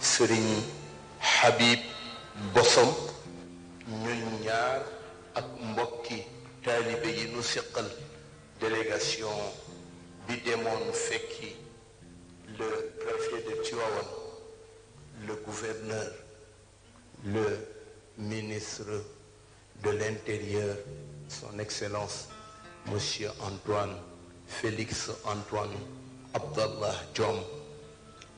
sëriñ Habib Bossom, Nyunyar, ñaar ak mbokki délégation Bidémon Feki, le préfet de Tivaouane le gouverneur le ministre de l'intérieur son excellence monsieur Antoine Félix Antoine Abdallah Djom.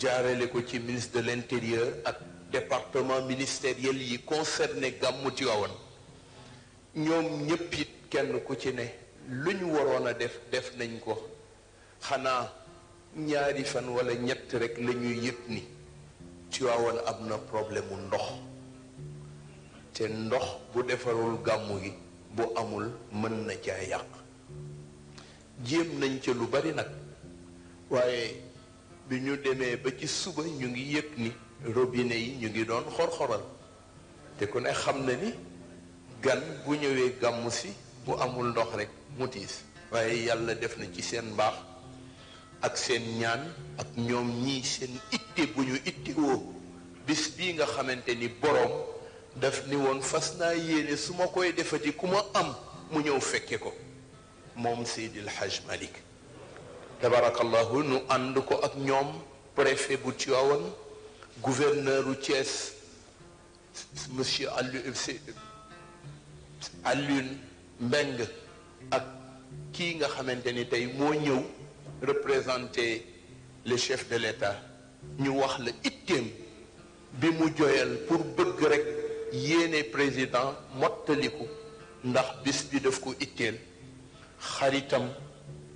jaarale ko ci ministre de l'intérieur ak département ministériel yi concerné gàmmu Tiwaawan ñoom ñëpp it kenn ku ci ne lu ñu waroon a def def nañ ko xanaa ñaari fan wala ñett rek la ñuy yëg ni Tiwaawan am na problème mu ndox te ndox bu defarul gàmmu gi bu amul mën na caa yàq jéem nañ ca lu bari nag waaye bi ñu demee ba ci suba ñu ngi yëg ni robinet yi ñu ngi doon xor-xoral te ku ne xam na ni gan bu ñëwee gàmm si bu amul ndox rek mu waaye yàlla def na ci seen mbaax ak seen ñaan ak ñoom ñii seen itte bu ñu itti bis bii nga xamante ni boroom daf ni woon fas naa yéene su ma koy defati ku ma am mu ñëw fekke ko moom Seydil Hajj Malick tabarakallahu nu ànd ko ak ñoom préfet bu Tivaouane gouverneur u Thiès monsieur Alioune euh, euh, Alioune mbeng ak kii nga xamante ni tey moo ñëw représenter le chef de l'État ñu wax la itteem bi mu joyal pour bëgg rek yéene président mottaliku ndax bis bi daf ko itteel xaritam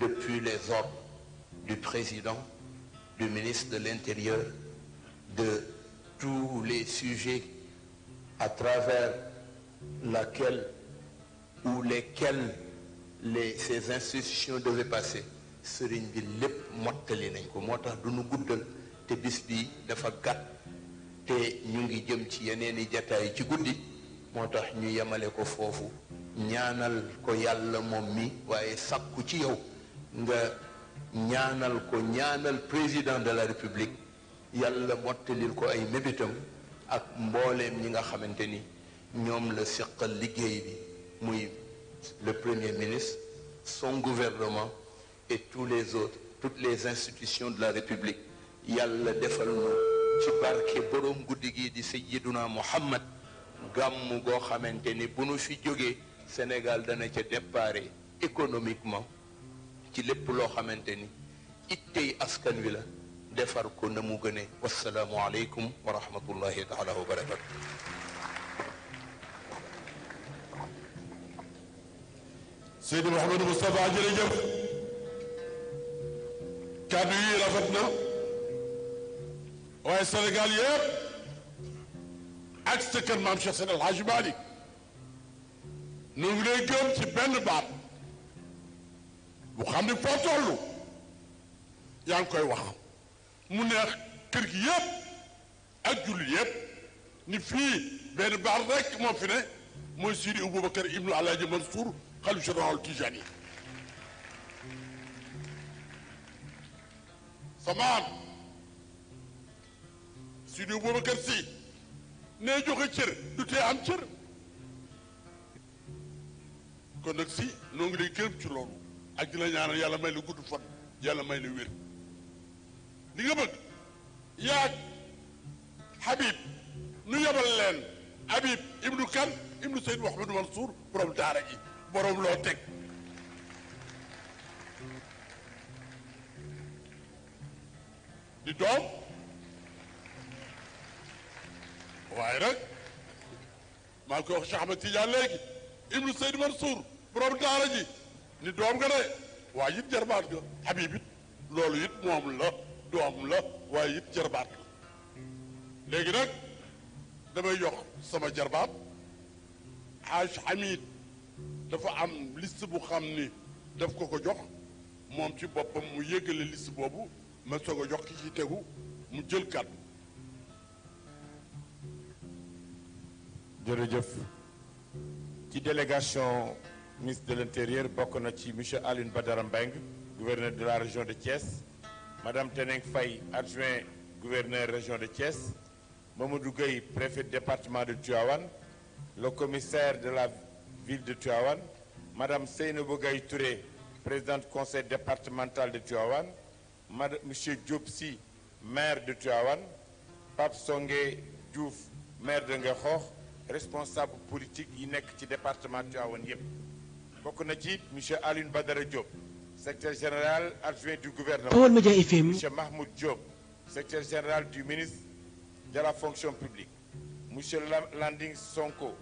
depuis les ordres du président, du ministre de l'Intérieur, de tous les sujets à travers laquelle ou lesquels les, ces institutions devaient passer. sëriñ bi lépp motali nañ ko moo tax du nu guddal te bis bi dafa gàtt te ñu ngi jëm ci yeneen i jataay ci guddi moo tax ñu yemale ko foofu ñaanal ko yàlla moom mi waaye sakku ci yow nga ñaanal ko ñaanal président de la république yàlla mottalil ko ay mébétam ak mbooleem ñi nga xamante ni ñoom la seqal liggéey bi muy le premier ministre son gouvernement et tous les autres toutes les institutions de la république yàlla defal nu ci barke borom guddi gi di sayyiduna muhammad gàmm goo xamante ni bu nu fi jógee Sénégal dana ca déparé économiquement ci lépp loo xamante ni ittey askan wi la defar ko na mu gëne wasalaamu aleykum wa rahmatullahi taala wa barakatu Seydi Mouhamadou Moustapha jërëjëf kàddu yi rafet na waaye Sénégal yëpp ak sa kër maam Cheikh Seydi El Hadji Malick ñu ngi lay gëm ci benn baat lu xam ne foo toll yaa ngi koy wax mu neex kër gi yépp ak jullit yépp ni fii benn baax rek moo fi ne mooy Sidi Aboubacar ibnu Alaaji Mansour xalif général Tijani samaam Sidi Aboubacar si nee joxe cër du tee am cër kon nag si noo ngi lay gërëm ci loolu ak di la yàlla may lu gudd fan yàlla may lu wér li nga bëgg yaag Habib nu yebal leen Habib ibnu kan ibnu Seyd Mouhamadou Mansour borom daara ji loo teg di doom waaye rek maa ngi koy wax Cheikh Ahmed Tidiane léegi ibnu Seyd Mansour borom daara ni doom nga de waaye it jarbaat nga Habib it loolu it moom la doom la waaye it jarbaat la léegi nag damay jox sama jarbaat Haj Hamid dafa am list bu xam ni daf ko ko jox moom ci boppam mu yëgale list boobu ma soog a jox ki ci tegu mu jël kàddu jërëjëf ci délégation ministre de l'Intérieur M. M. Aline gouverneur de la région de Thiès madame Teneng Faye adjoint gouverneur région de Thiès Mamadou Gueye préfet département de Tuawan, le commissaire de la ville de Tiawan, madame Seynabou Touré présidente du conseil départemental de Tuawan, M. monsieur maire de Tuawan, Pape Songé Djouf, maire de responsable politique INEC du département de Tiawan. M. Aline ci monsieur Badara Diop secrétaire général adjoint du gouvernement M. Mahmoud Diop secrétaire général du ministre de la fonction publique monsieur Landing Sonko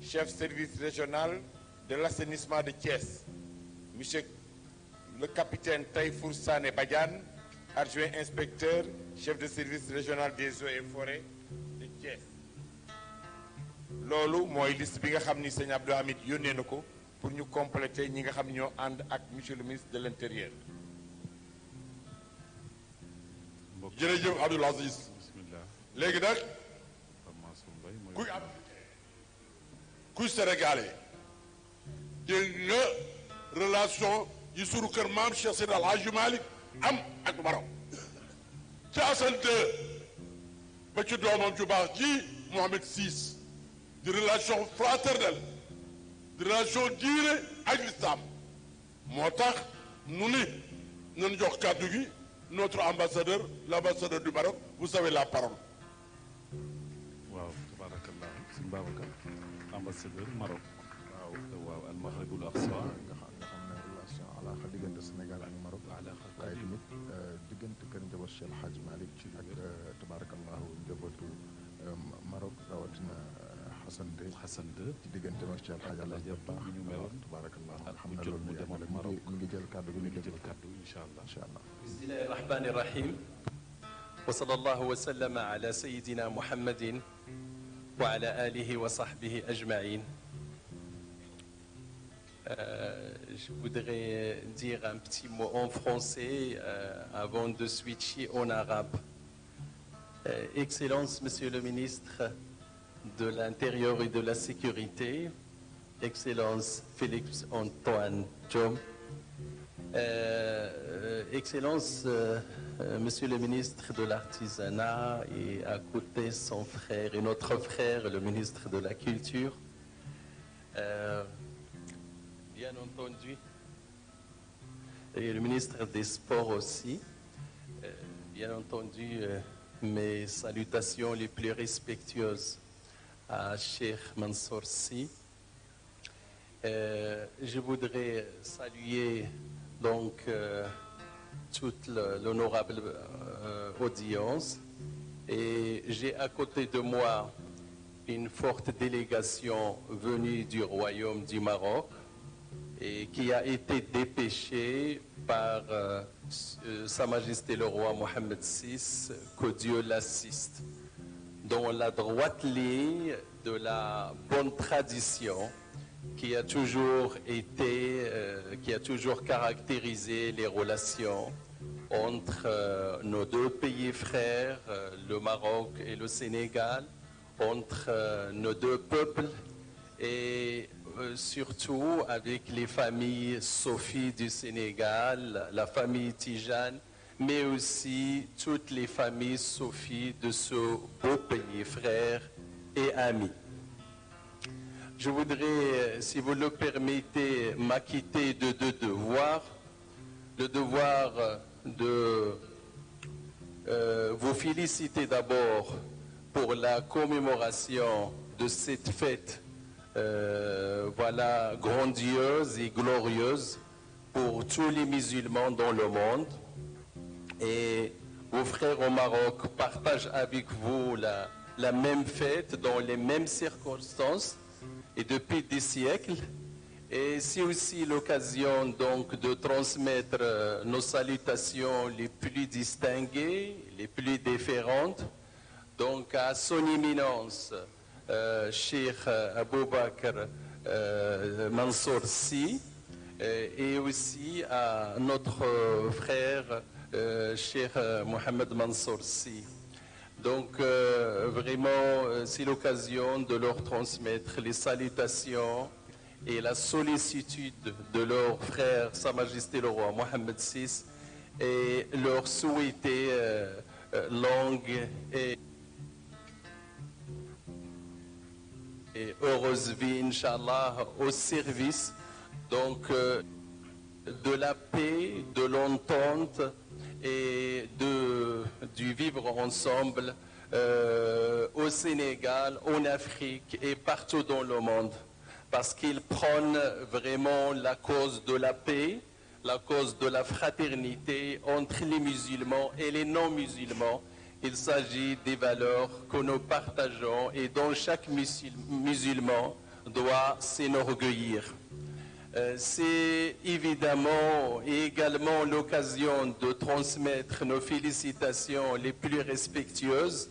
chef service régional de l'assainissement de Thiès monsieur le capitaine Taifour Sané Bagan, adjoint inspecteur chef de service régional des eaux et forêts de Thiès Lolo moi, liste bi nga Younenoko pour nous compléter ñi nga xam ñoo and ak monsieur le ministre de l'intérieur. jërëjëf Abdoul Aziz. bismillah léegi nag. kuy ab kuy sénégalais. dégg nga relation yi suru kër maam Cheikh Seydi El Hadji Malick am ak borom ci asante ba ci doomam ju baax ji Mohamed 6 di relation fraternelle. relation diine ak lislaam moo tax nu ni nañu jox kàddu gi notre ambassadeur l'ambassadeur du Maroc vous avez la parole waaw tabarakallah suñu Babacar ambassadeur Maroc waaw waaw al maghribul aqsa nga xam nga xam ne relation alaqa diggante Sénégal ak Maroc alaqa waaye tamit euh, diggante kër njaboot Cheikh Hadji Hassan II. ci diggante ak Cheikh Hadj El Hadj Ba ñu may wax tabarakallah xam na loolu mu demoon Maroc mi ngi jël kàddu gi ñu jël kàddu incha allah incha allah. bismillahi rahmani rahim. wa sallallahu wa sallama ala sayyidina muhammadin wa ala alihi wa sahbihi ajmaïn. Euh, je voudrais dire un petit mot en français euh, avant de switcher en arabe. Euh, Excellence, Monsieur le ministre, de l'Intérieur et de la Sécurité, Excellence Félix-Antoine Jom, euh, euh, Excellence euh, Monsieur le ministre de l'Artisanat et à côté son frère et notre frère, le ministre de la Culture, bien entendu, et le ministre des Sports aussi, bien entendu, mes salutations les plus respectueuses à Cheikh Mansour Si. Euh, je voudrais saluer donc euh, toute l'honorable euh, audience et j'ai à côté de moi une forte délégation venue du royaume du Maroc et qui a été dépêchée par Sa Majesté le roi Mohamed VI, que Dieu l'assiste dans la droite ligne de la bonne tradition qui a toujours été, euh, qui a toujours caractérisé les relations entre euh, nos deux pays frères, euh, le Maroc et le Sénégal, entre nos deux peuples et surtout avec les familles Sophie du Sénégal, la famille Tijane mais aussi toutes les familles Sophie de ce beau pays, frères et amis. Je voudrais, euh, si vous le permettez, m'acquitter de deux devoirs. Le devoir euh, de euh, vous féliciter d'abord pour la commémoration de cette fête, voilà, grandiose et glorieuse pour tous les musulmans dans le monde et vos frères au Maroc partagent avec vous la, même fête dans les mêmes circonstances et depuis des siècles. Et c'est aussi l'occasion donc de transmettre euh, nos salutations les plus distinguées, les plus différentes, donc à son éminence, euh, Cheikh euh, Abou Bakr Mansour Si, et aussi à notre frère euh, cher euh, Mohamed Mansour Si. Donc, euh, vraiment, c'est l'occasion de leur transmettre les salutations et la sollicitude de leur frère, Sa Majesté le Roi Mohamed VI, et leur souhaiter longue et, heureuse vie, Inch'Allah, au service donc, de la paix, de l'entente et de, du vivre ensemble euh, au Sénégal, en Afrique et partout dans le monde. Parce qu'ils prennent vraiment la cause de la paix, la cause de la fraternité entre les musulmans et les non-musulmans. Il s'agit des valeurs que nous partageons et dont chaque musulman doit s'enorgueillir. Euh, c'est évidemment également l'occasion de transmettre nos félicitations les plus respectueuses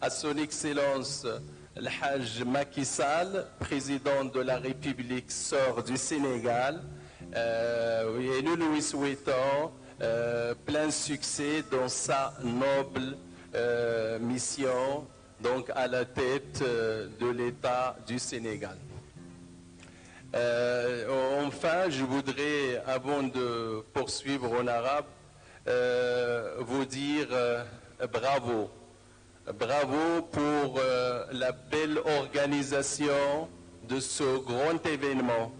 à son Excellence le Hajj président de la République sort du Sénégal. Euh, et nous lui souhaitons euh, plein succès dans sa noble mission, donc à la tête de l'État du Sénégal. Euh, enfin, je voudrais, avant de poursuivre en arabe, euh, vous dire euh, bravo. Bravo pour la belle organisation de ce grand événement.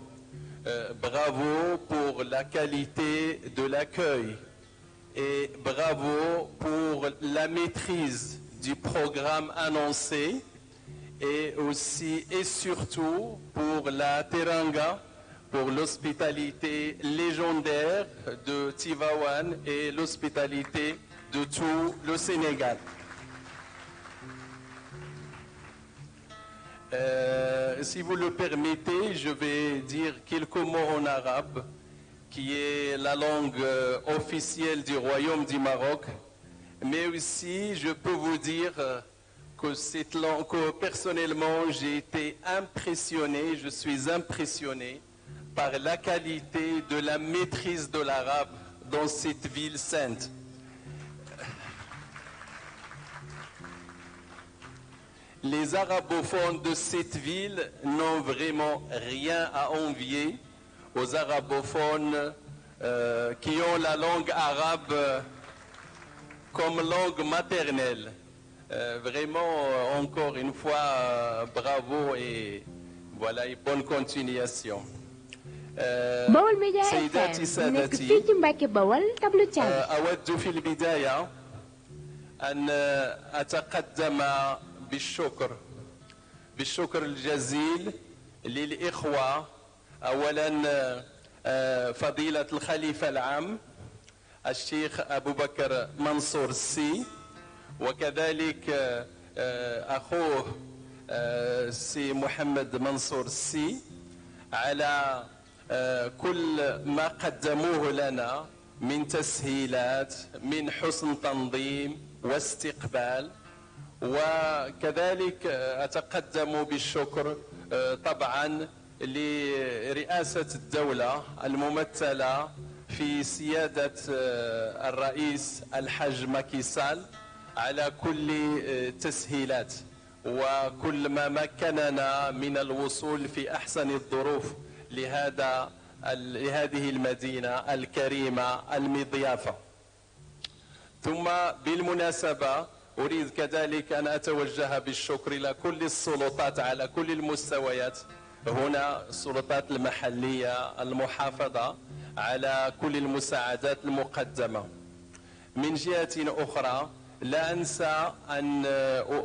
bravo pour la qualité de l'accueil. Et bravo pour la maîtrise du programme annoncé et aussi et surtout pour la Teranga, pour l'hospitalité légendaire de Tivawan et l'hospitalité de tout le Sénégal. Euh, si vous le permettez, je vais dire quelques mots en arabe, qui est la langue euh, officielle du Royaume du Maroc. Mais aussi, je peux vous dire euh, que, personnellement, j'ai été impressionné, je suis impressionné par la qualité de la maîtrise de l'arabe dans cette ville sainte. Les arabophones de cette ville n'ont vraiment rien à envier aux arabophones euh, qui ont la langue arabe euh, comme langue maternelle. Euh, vraiment, euh, encore une fois, euh, bravo et voilà, et bonne continuation. بول سيداتي سادتي أود في البداية أن أتقدم بالشكر بالشكر الجزيل للإخوة أولا فضيلة الخليفة العام الشيخ أبو بكر منصور السي وكذلك آه، أخوه آه، سي محمد منصور السي على آه، كل ما قدموه لنا من تسهيلات من حسن تنظيم واستقبال وكذلك أتقدم بالشكر طبعا لرئاسة الدولة الممثلة في سيادة الرئيس الحاج ماكيسال على كل آه، تسهيلات وكل ما مكننا من الوصول في أحسن الظروف لهذا لهذه المدينة الكريمة المضيافة ثم بالمناسبة أريد كذلك أن أتوجه بالشكر إلى كل السلطات على كل المستويات هنا السلطات المحلية المحافظة على كل المساعدات المقدمة من جهة أخرى لا أنسى أن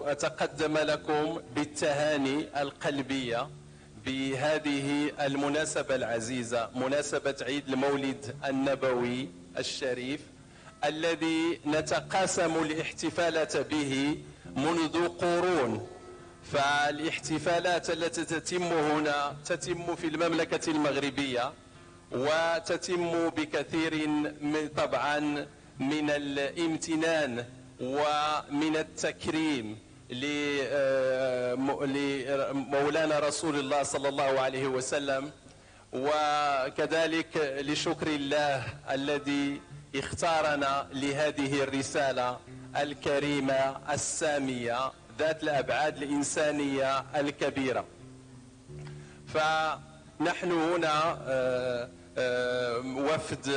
أتقدم لكم بالتهاني القلبية بهذه المناسبة العزيزة مناسبة عيد المولد النبوي الشريف الذي نتقاسم الاحتفالة به منذ قرون فالاحتفالات التي تتم هنا تتم في المملكة المغربية وتتم بكثير من طبعا من الامتنان ومن التكريم لمولانا آه، رسول الله صلى الله عليه وسلم وكذلك لشكر الله الذي اختارنا لهذه الرسالة الكريمة السامية ذات الأبعاد الإنسانية الكبيرة فنحن هنا آه، آه، وفد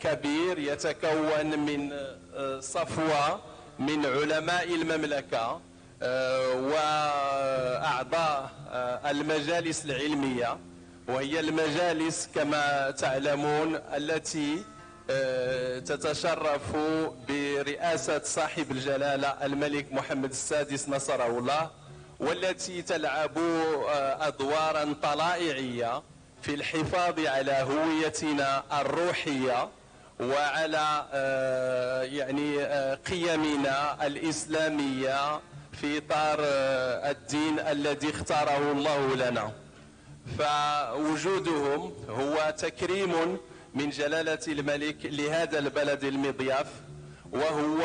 كبير يتكون من صفوة من علماء المملكة آه، وأعضاء آه، المجالس العلمية وهي المجالس كما تعلمون التي آه، تتشرف برئاسة صاحب الجلالة الملك محمد السادس نصره الله والتي تلعب أدوارا طلائعية في الحفاظ على هويتنا الروحية وعلى آه، يعني آه، قيمنا الإسلامية في إطار آه، الدين الذي اختاره الله لنا فوجودهم هو تكريم من جلالة الملك لهذا البلد المضياف وهو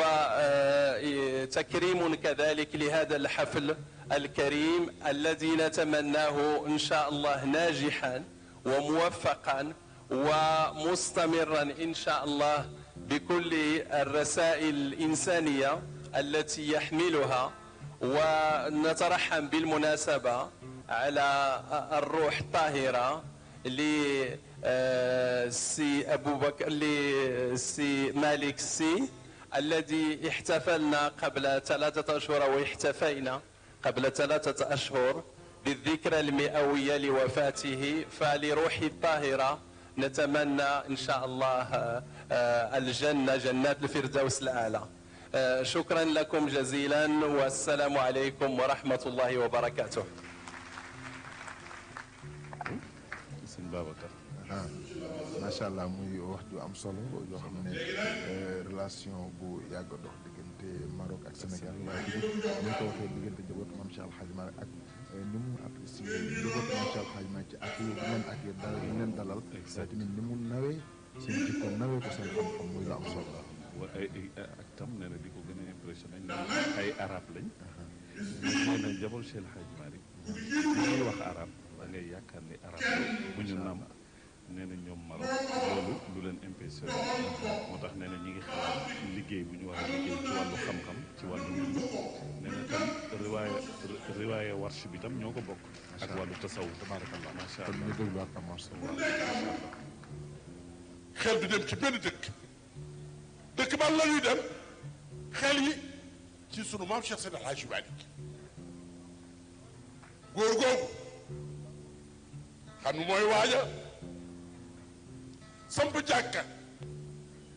تكريم كذلك لهذا الحفل الكريم الذي نتمناه إن شاء الله ناجحا وموفقا ومستمرا ان شاء الله بكل الرسائل الانسانيه التي يحملها ونترحم بالمناسبه على الروح الطاهره لسي آه، ابو بكر لسي مالك سي الذي احتفلنا قبل ثلاثه اشهر او احتفينا قبل ثلاثه اشهر بالذكرى المئويه لوفاته فلروحي الطاهره نتمنى ان شاء الله آه، الجنه جنات الفردوس الاعلى آه، شكرا لكم جزيلا والسلام عليكم ورحمه الله وبركاته ما شاء الله موي وحدو ام سولو يو خامني آه، بو ياغ دوخ ماروك اك ما نتو وخه ديغنتي Euh, ni mu apprécié li ko Maam Xaaj Maalik ak leen ak yéen dalal yi leen dalal. exactement tamit ni mu nawee seen jikko nawee ko seen xam-xam muy lu am ay ak tam nee di ko gën a impressionné ay arab lañ. nee na jabol Cheikh Xaaj Maalik li wax arab da ngay yaakaar ni arab nee na ñoom Maroc loolu lu leen impêché moo tax nee na ñi ngi xalaat liggéey bu ñu war a liggéey ci wàllu xam-xam ci wàllu mbind nee na tam riwaaya riwaaya warsh bi tam ñoo ko bokk ak wàllu tasawu tabarakallah macha allah ñu déglu ak amas xel du dem ci benn dëkk dëkk ba la ñuy dem xel yi ci sunu maam Cheikh Seydi Hadji Malick góor googu xam nu mooy waaja samp jàkka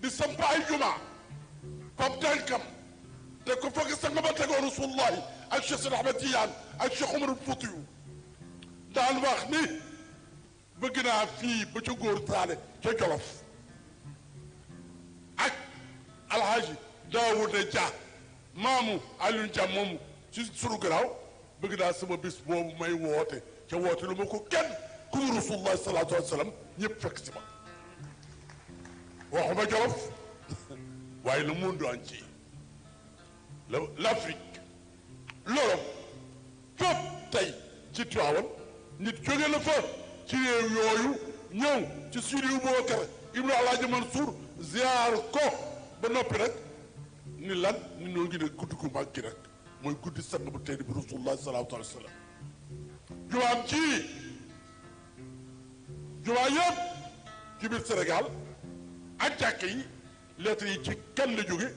di samp ay juma fab tànkam te ko foog sax nga ba tegoo rasulullahi ak Cheikh Sidi Ahmed Tidiane ak Cheikh Oumar Foutiyou daan wax ni bëgg naa fii ba ca góor taale ca Jolof ak alhaji Daawuda Dia maamu Alioune Dia moomu ci sunu garaaw bëgg naa sama bis boobu may woote ca woote lu ma ko kenn ku mu rasulullahi salaatu wa salaam ñëpp fekk si ma waxuma Jolof waaye le monde entier l'Afrique l'Europe fépp tey ci Tiwaawan nit jóge na fa ci réew yooyu ñëw ci sud yu Ibnu Alaaji Mansour ziar ko ba noppi rek ni lan ni noo ngi ne guddi gu mag gi rek mooy guddi sang bu tedd bi rasulullah sallallahu alayhi wa sallam jumaam ci jumaa yëpp ci biir ولكن لاتري تي كان لجوغي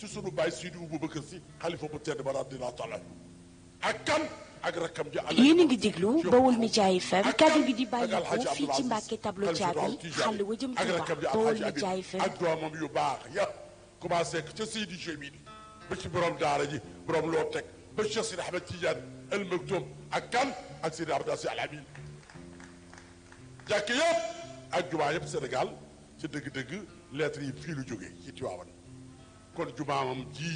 سي سونو باي سيدي ابو بكر سي خليفه بو تيد بارا دي الله تعالى اكام اك ركام جي الله يي نغي ديغلو بول مي جاي فم كادو دي باي كو في تي ماكي تابلو تشابي خال وجم تي بول مي جاي فم ادو مام يو باخ يا كوبا سيك تي سيدي جيمين بيتي بروم دارا جي بروم لو تك بشي سيدي احمد تيجان المكتوب اكام اك سيدي عبد الله العبيد جاكيو اجوايب ci dëgg-dëgg lettre yi fii lu jóge ci Tiwaawan kon jumaamam ji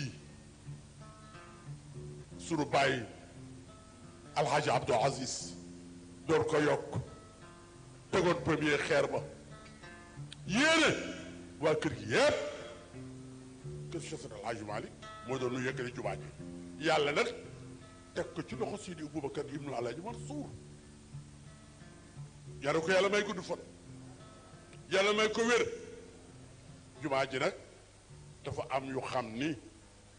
sunu bàyyi alxaaji Abdou Aziz door ko yokk tegoon premier xeer ba yéene waa kër gi yépp kër Seex Alxaaji Maalik moo doon nu yëkkati jumaa ji yàlla nag teg ko ci loxo Seydi Aboubacar ibnu Alaaji Mansuur yaru ko yàlla may gudd fan yàlla may ko wér jumaa ji nag dafa am yu xam ni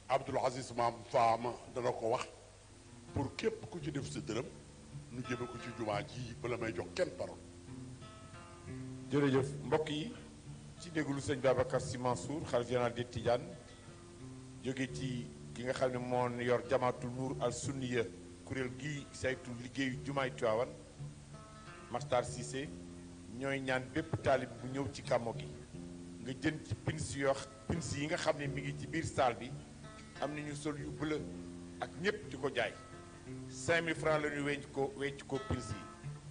Abdoul Aziz maam faama dana ko wax pour képp ku ci def sa dërëm nu jëme ko ci jumaa ji bala may jox kenn parole jërëjëf mbokk yi ci déglu sëñ Babacar Sy Mansour xalifa général des Tidianes jóge ci ki nga xam ne moon yor jamaatul nuur al sunniya kuréel gi saytu liggéeyu jumaay Tiwaawan Makhtar Cissé ñooy ñaan bépp taalib bu ñëw ci kamo gi nga jën ci pins yoo pins yi nga xam ne mi ngi ci biir saal bi am nañu sol yu bleu ak ñëpp di ko jaay 5000 francs la ñu wecc ko wecc ko pins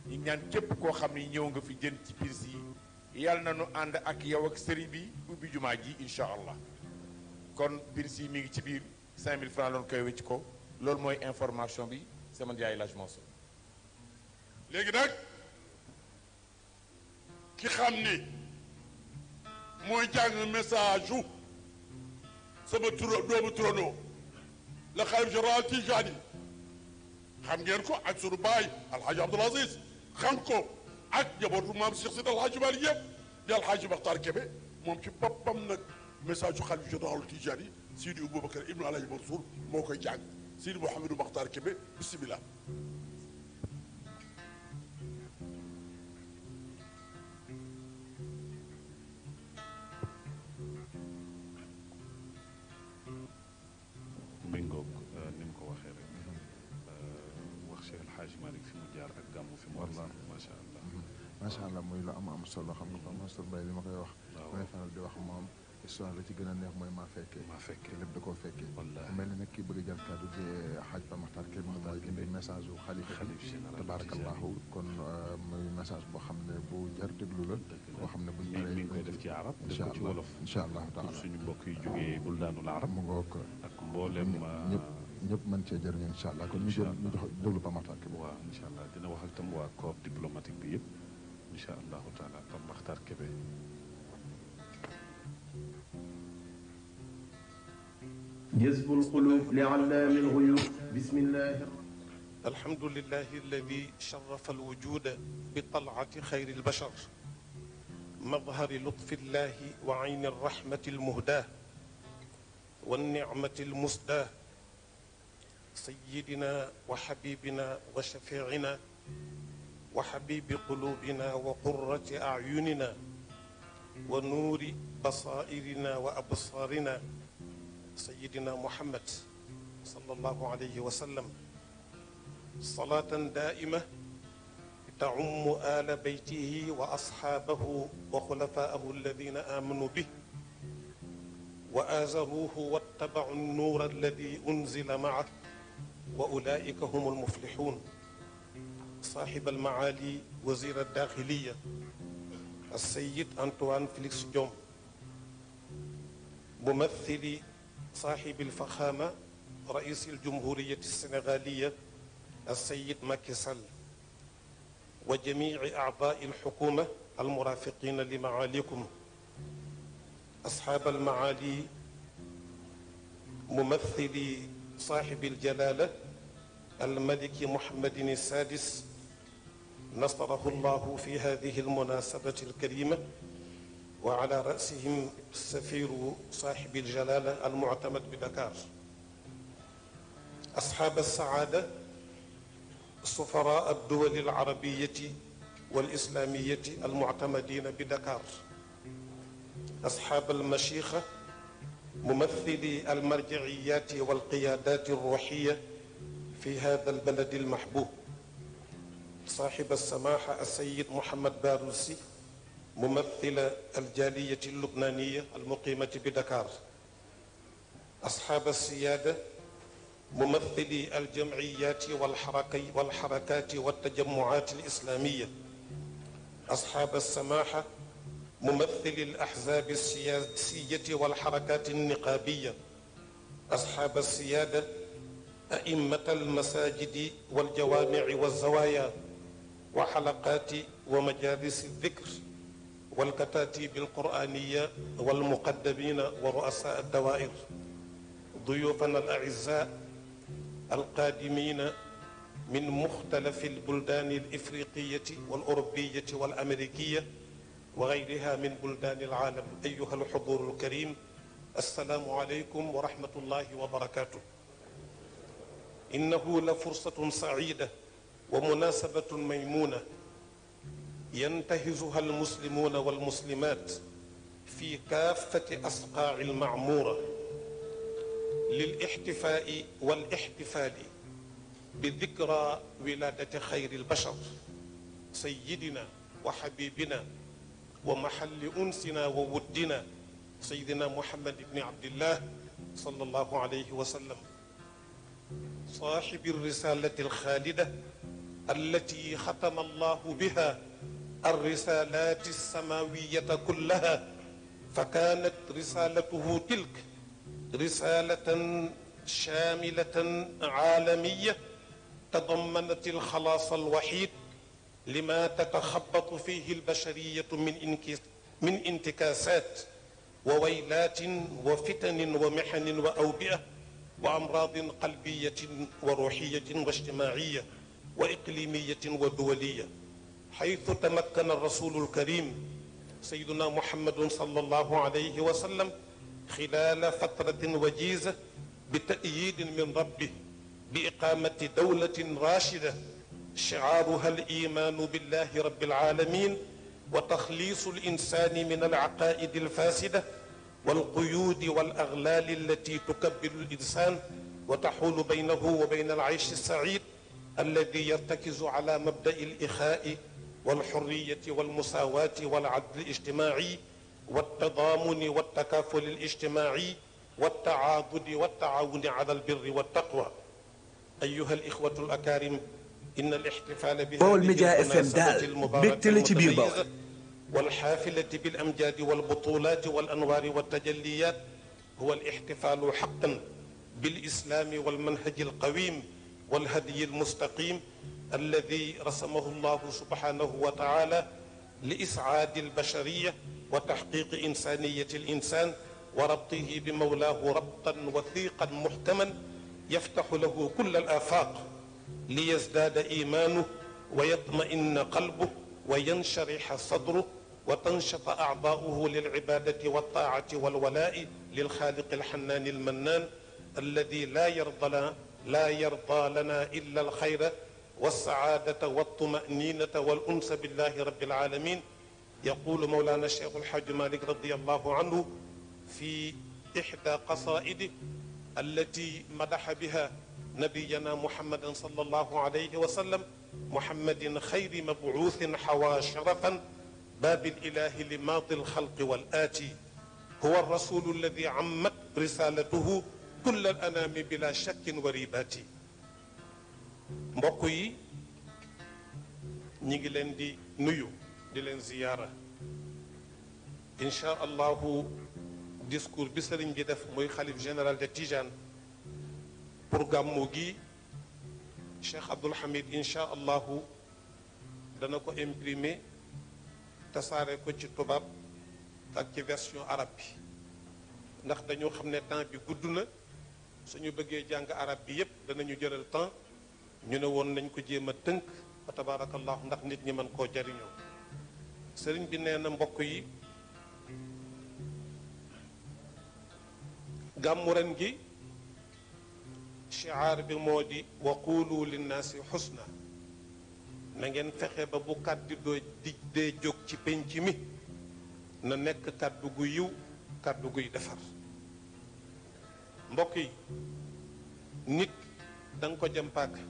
yi ñu ñaan képp koo xam ni ñëw nga fi jën ci pins yi yal na nu ànd ak yow ak sëriñ bi ubbi jumaa ji incha allah kon pins yi mi ngi ci biir 5000 francs la ñu koy wecc ko loolu mooy information bi sama njaay laaj léegi nag ki xam ne mooy jàng message u sama turo doomu turandoo la xalif général Tijaani xam ngeen ko ak sunu baay alxaaji Abdul Aziz xam ko ak njabootu maam Cheikh Sidi alxaaji Maalik yëpp di alxaaji Maxtaar Kebe moom ci boppam nag message u xalif général Tijaani Sidi Abubakar ibnu alxaaji Mansuur moo koy jàng Sidi Mouhamadou Maxtaar Kebe bisimilah Hadj Malick fi mu jaar ak gàmmu fi mu jaar macha allah mhm. macha allah muy lu am am solo xam nga ko Mansour Mbaye li ma koy wax damay faral di wax moom histoire la ci gën a neex mooy maa fekkee maa fekkee lépp da koo fekkee mel na nag kii bëgg a jël kàddu di xaaj eh, Pa Maxtaar kii moom mooy indi message bu xalifa bi tabaarakallaahu kon euh, muy message boo xam ne bu jar déglu la boo xam ne buñ paree mi ngi koy def ci arab def ko ci wolof incha allah taala suñu mbokk yi jógee buldaanul arab mu ngoog ak mboolem ñëpp ñëpp mën cee jëriñu incha allah kon ñu jël ñu jox déglu Pa Maxtaar kii ان شاء الله دينا ak tam waa corps diplomatique bi yëpp incha allahu taala Pape Makhtar Kébé جذب القلوب لعلام الغيوب بسم الله الحمد لله الذي شرف الوجود بطلعة خير البشر مظهر لطف الله وعين الرحمة المهداة والنعمة المسداة سيدنا وحبيبنا وشفيعنا وحبيب قلوبنا وقرة أعيننا ونور بصائرنا وأبصارنا سيدنا محمد صلى الله عليه وسلم صلاة دائمة تعم آل بيته وأصحابه وخلفائه الذين آمنوا به وآزروه واتبعوا النور الذي أنزل معه وأولئك هم المفلحون صاحب المعالي وزير الداخلية السيد أنطوان فليكس جوم ممثل صاحب الفخامة رئيس الجمهورية السنغالية السيد ماكي وجميع أعضاء الحكومة المرافقين لمعاليكم أصحاب المعالي ممثلي صاحب الجلالة الملك محمد السادس نصره الله في هذه المناسبة الكريمة وعلى رأسهم السفير صاحب الجلالة المعتمد بدكار أصحاب السعادة سفراء الدول العربية والإسلامية المعتمدين بدكار أصحاب المشيخة ممثلي المرجعيات والقيادات الروحية في هذا البلد المحبوب صاحب السماحة السيد محمد باروسي ممثل الجالية اللبنانية المقيمة بدكار أصحاب السيادة ممثلي الجمعيات والحركي والحركات والتجمعات الإسلامية أصحاب السماحة ممثلي الأحزاب السياسية والحركات النقابية أصحاب السيادة أئمة المساجد والجوامع والزوايا وحلقات ومجالس الذكر والكتاتيب القرآنية والمقدمين ورؤساء الدوائر ضيوفنا الأعزاء القادمين من مختلف البلدان الإفريقية والأوروبية والأمريكية وغيرها من بلدان العالم أيها الحضور الكريم السلام عليكم ورحمة الله وبركاته إنه لفرصة سعيدة ومناسبة ميمونة ينتهزها المسلمون والمسلمات في كافة أصقاع المعمورة للاحتفاء والاحتفال بذكرى ولادة خير البشر سيدنا وحبيبنا ومحل أنسنا وودنا سيدنا محمد بن عبد الله صلى الله عليه وسلم صاحب الرسالة الخالدة التي ختم الله بها الرسالات السماوية كلها فكانت رسالته تلك رسالة شاملة عالمية تضمنت الخلاص الوحيد لما تتخبط فيه البشرية من من انتكاسات وويلات وفتن ومحن وأوبئة وأمراض قلبية وروحية واجتماعية وإقليمية ودولية حيث تمكن الرسول الكريم سيدنا محمد صلى الله عليه وسلم خلال فترة وجيزة بتأييد من ربه بإقامة دولة راشدة شعارها الإيمان بالله رب العالمين وتخليص الإنسان من العقائد الفاسدة والقيود والاغلال التي تكبل الانسان وتحول بينه وبين العيش السعيد الذي يرتكز على مبدا الاخاء والحريه والمساواه والعدل الاجتماعي والتضامن والتكافل الاجتماعي والتعاضد والتعاون على البر والتقوى ايها الاخوه الاكارم ان الاحتفال بهذه المناسبه المباركه والحافلة بالأمجاد والبطولات والأنوار والتجليات هو الاحتفال حقا بالإسلام والمنهج القويم والهدي المستقيم الذي رسمه الله سبحانه وتعالى لإسعاد البشرية وتحقيق إنسانية الإنسان وربطه بمولاه ربطا وثيقا محتما يفتح له كل الآفاق ليزداد إيمانه ويطمئن قلبه وينشرح صدره وتنشط أعضاؤه للعبادة والطاعة والولاء للخالق الحنان المنان الذي لا يرضى لنا لا يرضى لنا إلا الخير والسعادة والطمأنينة والأنس بالله رب العالمين يقول مولانا الشيخ الحاج مالك رضي الله عنه في إحدى قصائده التي مدح بها نبينا محمد صلى الله عليه وسلم محمد خير مبعوث حوى شرفا باب الاله لماضي الخلق والاتي هو الرسول الذي عمت رسالته كل الانام بلا شك وريبات مبوكي نيجي لين نيو دي لين زياره ان شاء الله ديسكور بي سيرن بي داف موي خليف جنرال دي تيجان بروغرام موغي شيخ عبد الحميد ان شاء الله دا نكو امبريمي tasaare ko ci tubaab ak ci version arabe bi ndax dañoo xam ne temps bi gudd na suñu bëggee jàng arab bi yépp danañu jëral temps ñu ne woon nañ ko jéem a tënk fa tabaarakallaahu ndax nit ñi mën koo jariñoo sëriñ bi nee na mbokk yi gàmmu ren gi shiaar bi moo di wa quulu linnaasi xusna nangeen ngeen fexe ba bu kàddu doo di dee jóg ci penc mi na nekk kàddu gu yiw kàddu guy defar mbokk yi nit danga ko jam paaka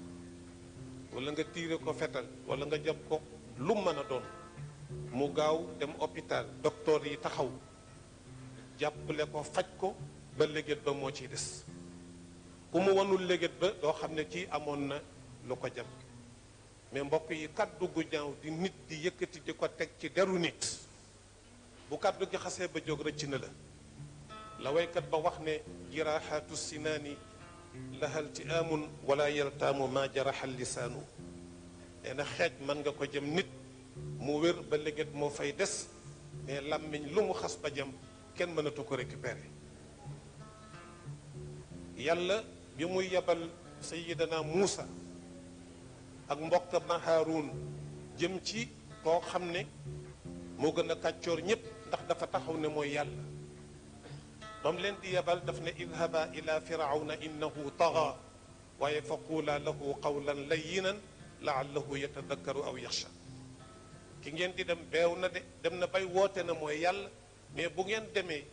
wala nga tiire ko fetal wala nga jam ko lu mën a doon mu gaaw dem hôpital docteur yi taxaw jàppale ko faj ko ba léget ba moo ciy des ku mu wanul léget ba doo xam ne kii amoon na lu ko jam mais mbokk yi kaddu gu ñaaw di nit di yëkkati di ko teg ci deru nit bu kaddu gi xasee ba jóg rëcc na la la waykat ba wax ne sinani sinaani laha iltihaamun wala yaltaamu maa jaraxa lisaanu nee na xeej man nga ko jëm nit mu wér ba léget moo fay des mais làmmiñ lu mu xas ba jëm kenn mënatu ko récupérer yàlla bi muy yebal sayidana Muusa ak mbokk ma Haaruun jëm ci ko xamne mo gëna kacior a ñépp ndax dafa taxaw ne moy yàlla bam mu leen di yabal daf ne idhaba ila fir'aun innahu tagha wa fa lahu qawlan layyinan laallahu yatadhakkaru aw yakhsha ki ngeen di dem beew na de dem na bay wote na moy yàlla mais bu ngeen demé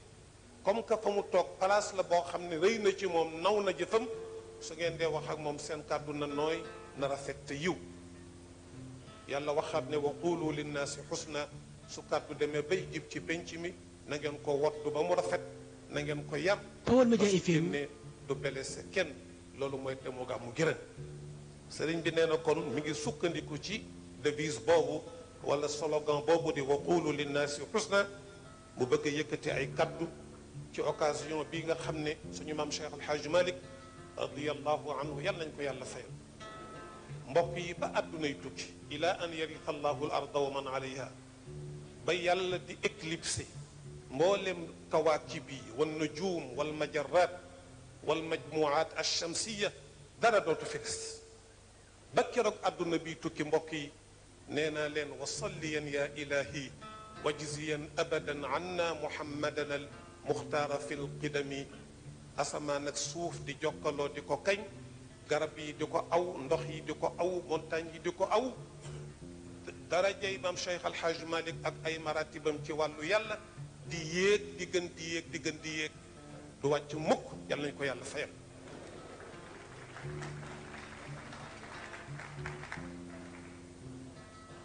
comme que famu tok place la bo xamne reyna ci mom nawna jëfëm su ngeen de wax ak mom sen kàddu na noy نرثتيو يلا وخدني وقولوا للناس حسنا سكات دم بي جيب تي بنتي مي كو وات با مو رافيت نغن كو يام اول ما جاي فيم دو بلس كين لولو موي تمو غامو غيرن سيرين بي نينا كون ميغي سوكانديكو تي ديفيز بوبو ولا سلوغان بوبو دي وقولوا للناس حسنا مو بك ييكتي اي كادو تي اوكازيون بيغا خامني سونو مام شيخ الحاج مالك رضي الله عنه يلا نكو يلا فيل mbokk yi ba àddunay tukki ila an yarita allahu al arda wa man alayha ba yàlla di éclipsé mboolem kawaakib yi wal nujum wal majarat wal majmuat alchamsiya dara dootu fix ba keroog àdduna bi tukki mbokk yi nee naa leen wa salliyan ya ilahi wa jiziyan abadan anna muhammadan al muxtaara fi lqidami asamaan ak suuf di jokkaloo di ko kañ garab yi di ko aw ndox yi di ko aw montagne yi di ko aw dara jey bam Cheikh Al Hadj Malick ak ay maratibam ci walu yàlla di yek di gën di yek di gën di yek du wàcc mukk yàlla nañ ko yàlla fayal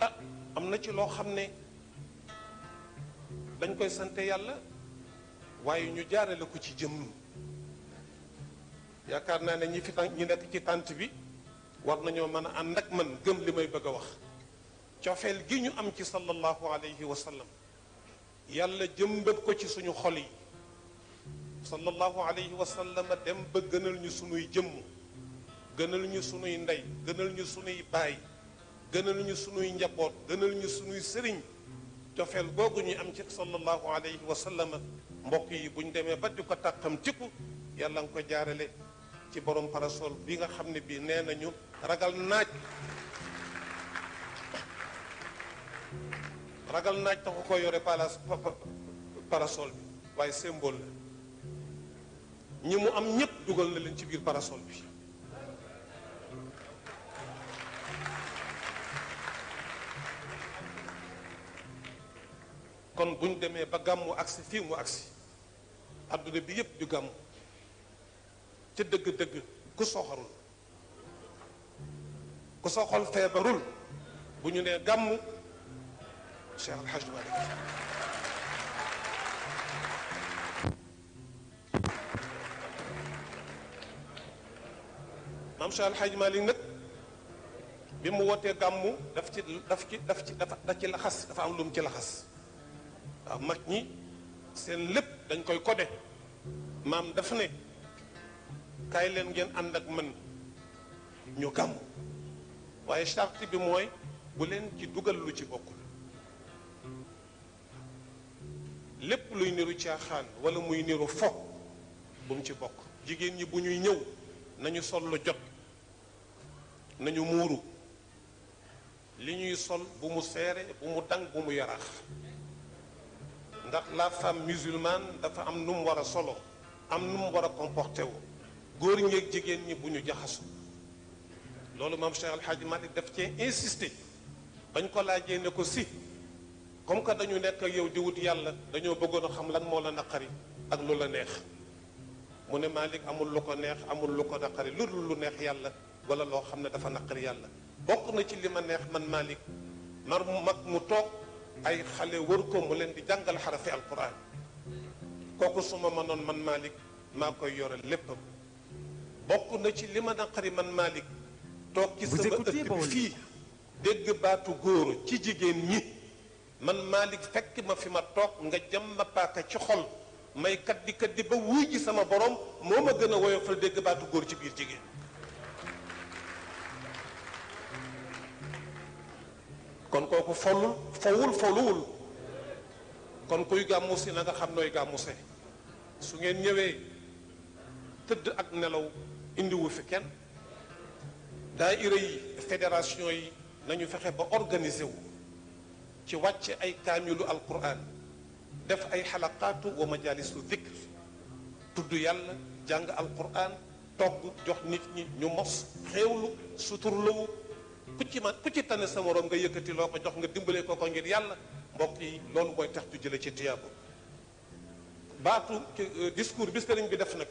ah am ci lo xamne dañ koy sante yàlla waye ñu jaarale ko ci jëm yaakaar naa ne ñi fi ñi nekk ci tànt bi war nañoo mën a ànd ak man gëm li may bëgg a wax cofeel gi ñu am ci sallallahu alayhi wa sallam yàlla jëmbat ko ci suñu xol yi sallallahu alayhi wa sallam dem ba gënal ñu sunuy jëmm gënal ñu sunuy ndey gënal ñu sunuy baay gënal ñu sunuy njaboot gënal ñu sunuy sëriñ cofeel googu ñu am ci sallallahu alayhi wa sallam mbokk yi bu ñu demee ba di ko tàqamtiku yàlla nga ko jaarale ci boroom parasol bi nga xam ne bii nee nañu ragal naaj ragal naaj taxu ko yore palas parasol bi waaye symbole la ñi mu am ñëpp dugal na leen ci biir parasol bi kon bu ñu demee ba gàmmu agsi fii mu agsi àdduna bi yëpp du gàmmu ca dëgg-dëgg ku soxorul ku soxol feebarul bu ñu nee gàmm Cheikh Al Hadj Malick maam Cheikh Al Hadj Malick nag bi mu wootee gàmmu daf ci daf ci daf ci dafa daf ci laxas dafa am lu mu ci laxas waaw mag ñi seen lépp dañ koy codé maam daf ne kaay leen ngeen ànd ak man ñu gàmmu waaye charte bi mooy bu leen ci dugal lu ci bokkul lépp luy niru caaxaan wala muy niru fo bu mu ci bokk jigéen ñi bu ñuy ñëw nañu sol lu jot nañu muuru li ñuy sol bu mu seere bu mu dang bu mu yaraax ndax la femme musulmane dafa am nu mu war a solo am nu mu war a comporté wu góor ñi ak jigéen ñi bu ñu jaxasu loolu maam Cheikh Alhaaji malik daf cee insister bañ ko laajee ne ko si comme que dañu nekk ak yow di wut yàlla dañoo bëggoon a xam lan moo la naqari ak lu la neex mu ne malik amul lu ko neex amul lu ko naqari lu lu neex yàlla wala loo xam ne dafa naqari yàlla bokk na ci li ma neex man malik mar mu mag mu toog ay xale wër ko mu leen di jàngal xarafi alquran kooku su ma mënoon man malik maa koy yore léppam bokk na ci li ma naqari man Malick toog ci sama ëtt bi fii dégg baatu góor ci jigéen ñi man Malick fekk ma fi ma toog nga jam ma paaka ci xol may kaddi kaddi ba wuy ji sama boroom moo ma gën a woyofal dégg baatu góor ci biir jigéen kon kooku follul fowul folluwul kon kuy gàmmusi na nga xam nooy gàmmuse su ngeen ñëwee tëdd ak nelaw indiwu fi kenn daayira yi fédération yi nañu fexe ba organiser wu ci wàcce ay kaamilu alquran def ay xalaqaatu wa majalisu dikr tudd yàlla jàng alquran togg jox nit ñi ñu mos xéewlu suturlawu ku ci man ku ci tane sa moroom nga yëkkati loo ko jox nga dimbale ko ko ngir yàlla mbokk yi loolu mooy tax du jële ci tiyaabo baatu discours bi sëriñ bi def nag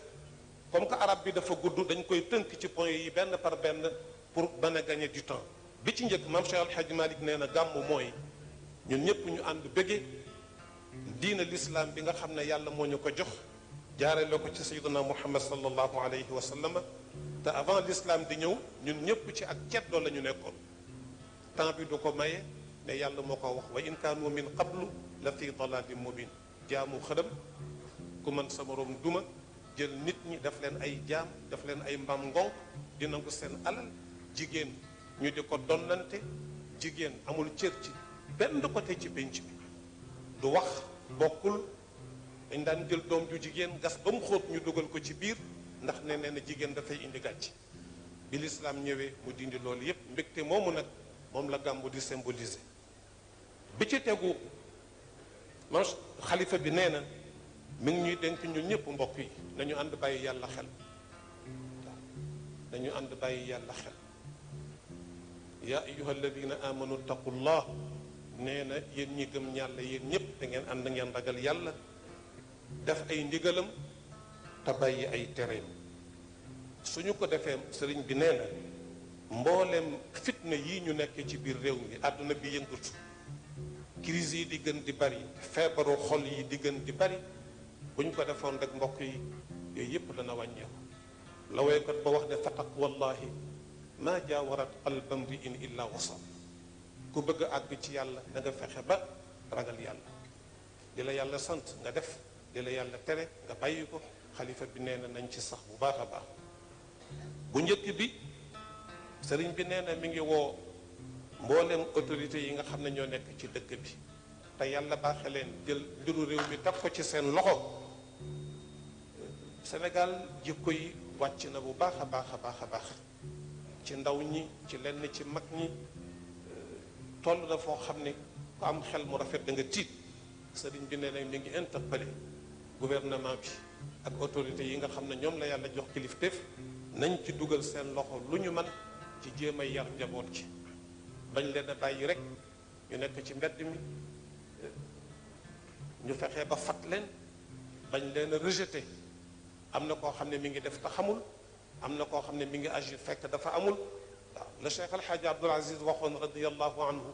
comme que arab bi dafa gudd dañ koy tënk ci point yi benn par benn pour mën a gagner du temps bi ci njëkk maam Cheikh malik Hadj Malick nee na gàmm mooy ñun ñëpp ñu ànd bëgge diina l'islam bi nga xam ne yàlla moo ñu ko jox jaarale ko ci sayyidina Muhammad sallallahu alayhi wa sallam te avant l'islam di ñëw ñun ñëpp ci ak ceddoo la ñu nekkoon temps bi du ko maye mais yàlla moo ko wax wa in kaanu min qablu la fi dalalin mubin jaamu xërëm ku man sama morom duma jël nit ñi daf leen ay jaam daf leen ay mbaam ngonk di nangu seen alal jigéen ñu di ko donnante jigéen amul cër ci benn côté ci pénc bi du wax bokkul dañ daan jël doom ju jigéen gas ba mu xóot ñu dugal ko ci biir ndax ne nee jigéen dafay indi gàcc bi lislaam ñëwee mu dindi loolu yépp mbégte moomu nag moom la gàmbu di symboliser bi ci tegu man xalifa bi nee na mu ngi ñuy dénk ñun ñëpp mbokk yi nañu ànd bàyyi yàlla xel waaw nañu ànd bàyyi yàlla xel yaa ayuha alladina amanu taqullah nee na yéen ñi gëm yàlla yéen ñëpp dangeen ngeen ànd ngeen ragal yàlla def ay ndigalam te bàyyi ay tereem suñu ko defee sëriñ bi nee na mbooleem fitna yi ñu nekk ci biir réew mi àdduna bi yëngatu crise yi di gën di bari feebaru xol yi di gën di bari buñ ko defoon rek mbokk yi yooyu yëpp dana wàññeeku la woykat ba wax ne fa taq wallahi maa jaawarat qalba mriin illa wasal ku bëgg a àgg ci yàlla da nga fexe ba ragal yàlla li la yàlla sant nga def li la yàlla tere nga bàyyi ko xalifa bi nee na nañ ci sax bu baax a baax bu njëkk bi sëriñ bi nee na mi ngi woo mbooleem autorité yi nga xam ne ñoo nekk ci dëkk bi te yàlla baaxe leen jël mbiru réew mi teg ko ci seen loxo Sénégal jikko yi wàcc na bu baax a baax a baax a baax ci ndaw ñi ci lenn ci mag ñi euh, toll na foo xam ne ku am xel mu rafet da nga tiit sëriñ bi nee nañ ñu ngi interpellé gouvernement bi ak autorité yi nga xam ne ñoom la yàlla jox kilifteef nañ ci dugal seen loxo lu ñu mën ci jéem a yar njaboot ci bañ leen a bàyyi rek ñu nekk ci mbedd mi euh, ñu fexee ba fat leen bañ leen a amna ko xamne mi ngi def ta xamul amna ko xamne mi ngi agir fek dafa amul le Cheikh al hadji abdul Aziz waxon radiyallahu anhu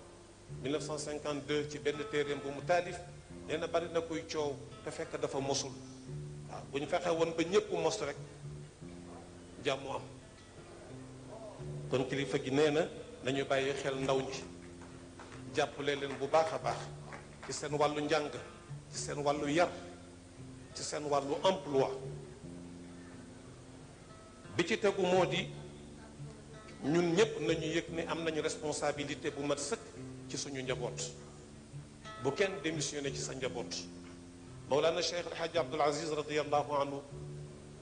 1952 ci ben terrem bu mutalif neena bari na koy ciow te fek dafa mosul buñ bu fexe woon ba ñëpp mos rek jamu am kon kilifa gi neena na nañu bàyyi xel ndaw ñi jàppale leen bu baax a baax ci seen walu njàng ci seen walu yar ci seen walu emploi bi ci tegu moo di ñun ñëpp nañu yëg ni am nañu responsabilité bu mat sëkk ci suñu njaboot bu kenn démissionné ci sa njaboot Mawlana Cheikh El Hadj Abdoul Aziz radiyallahu anhu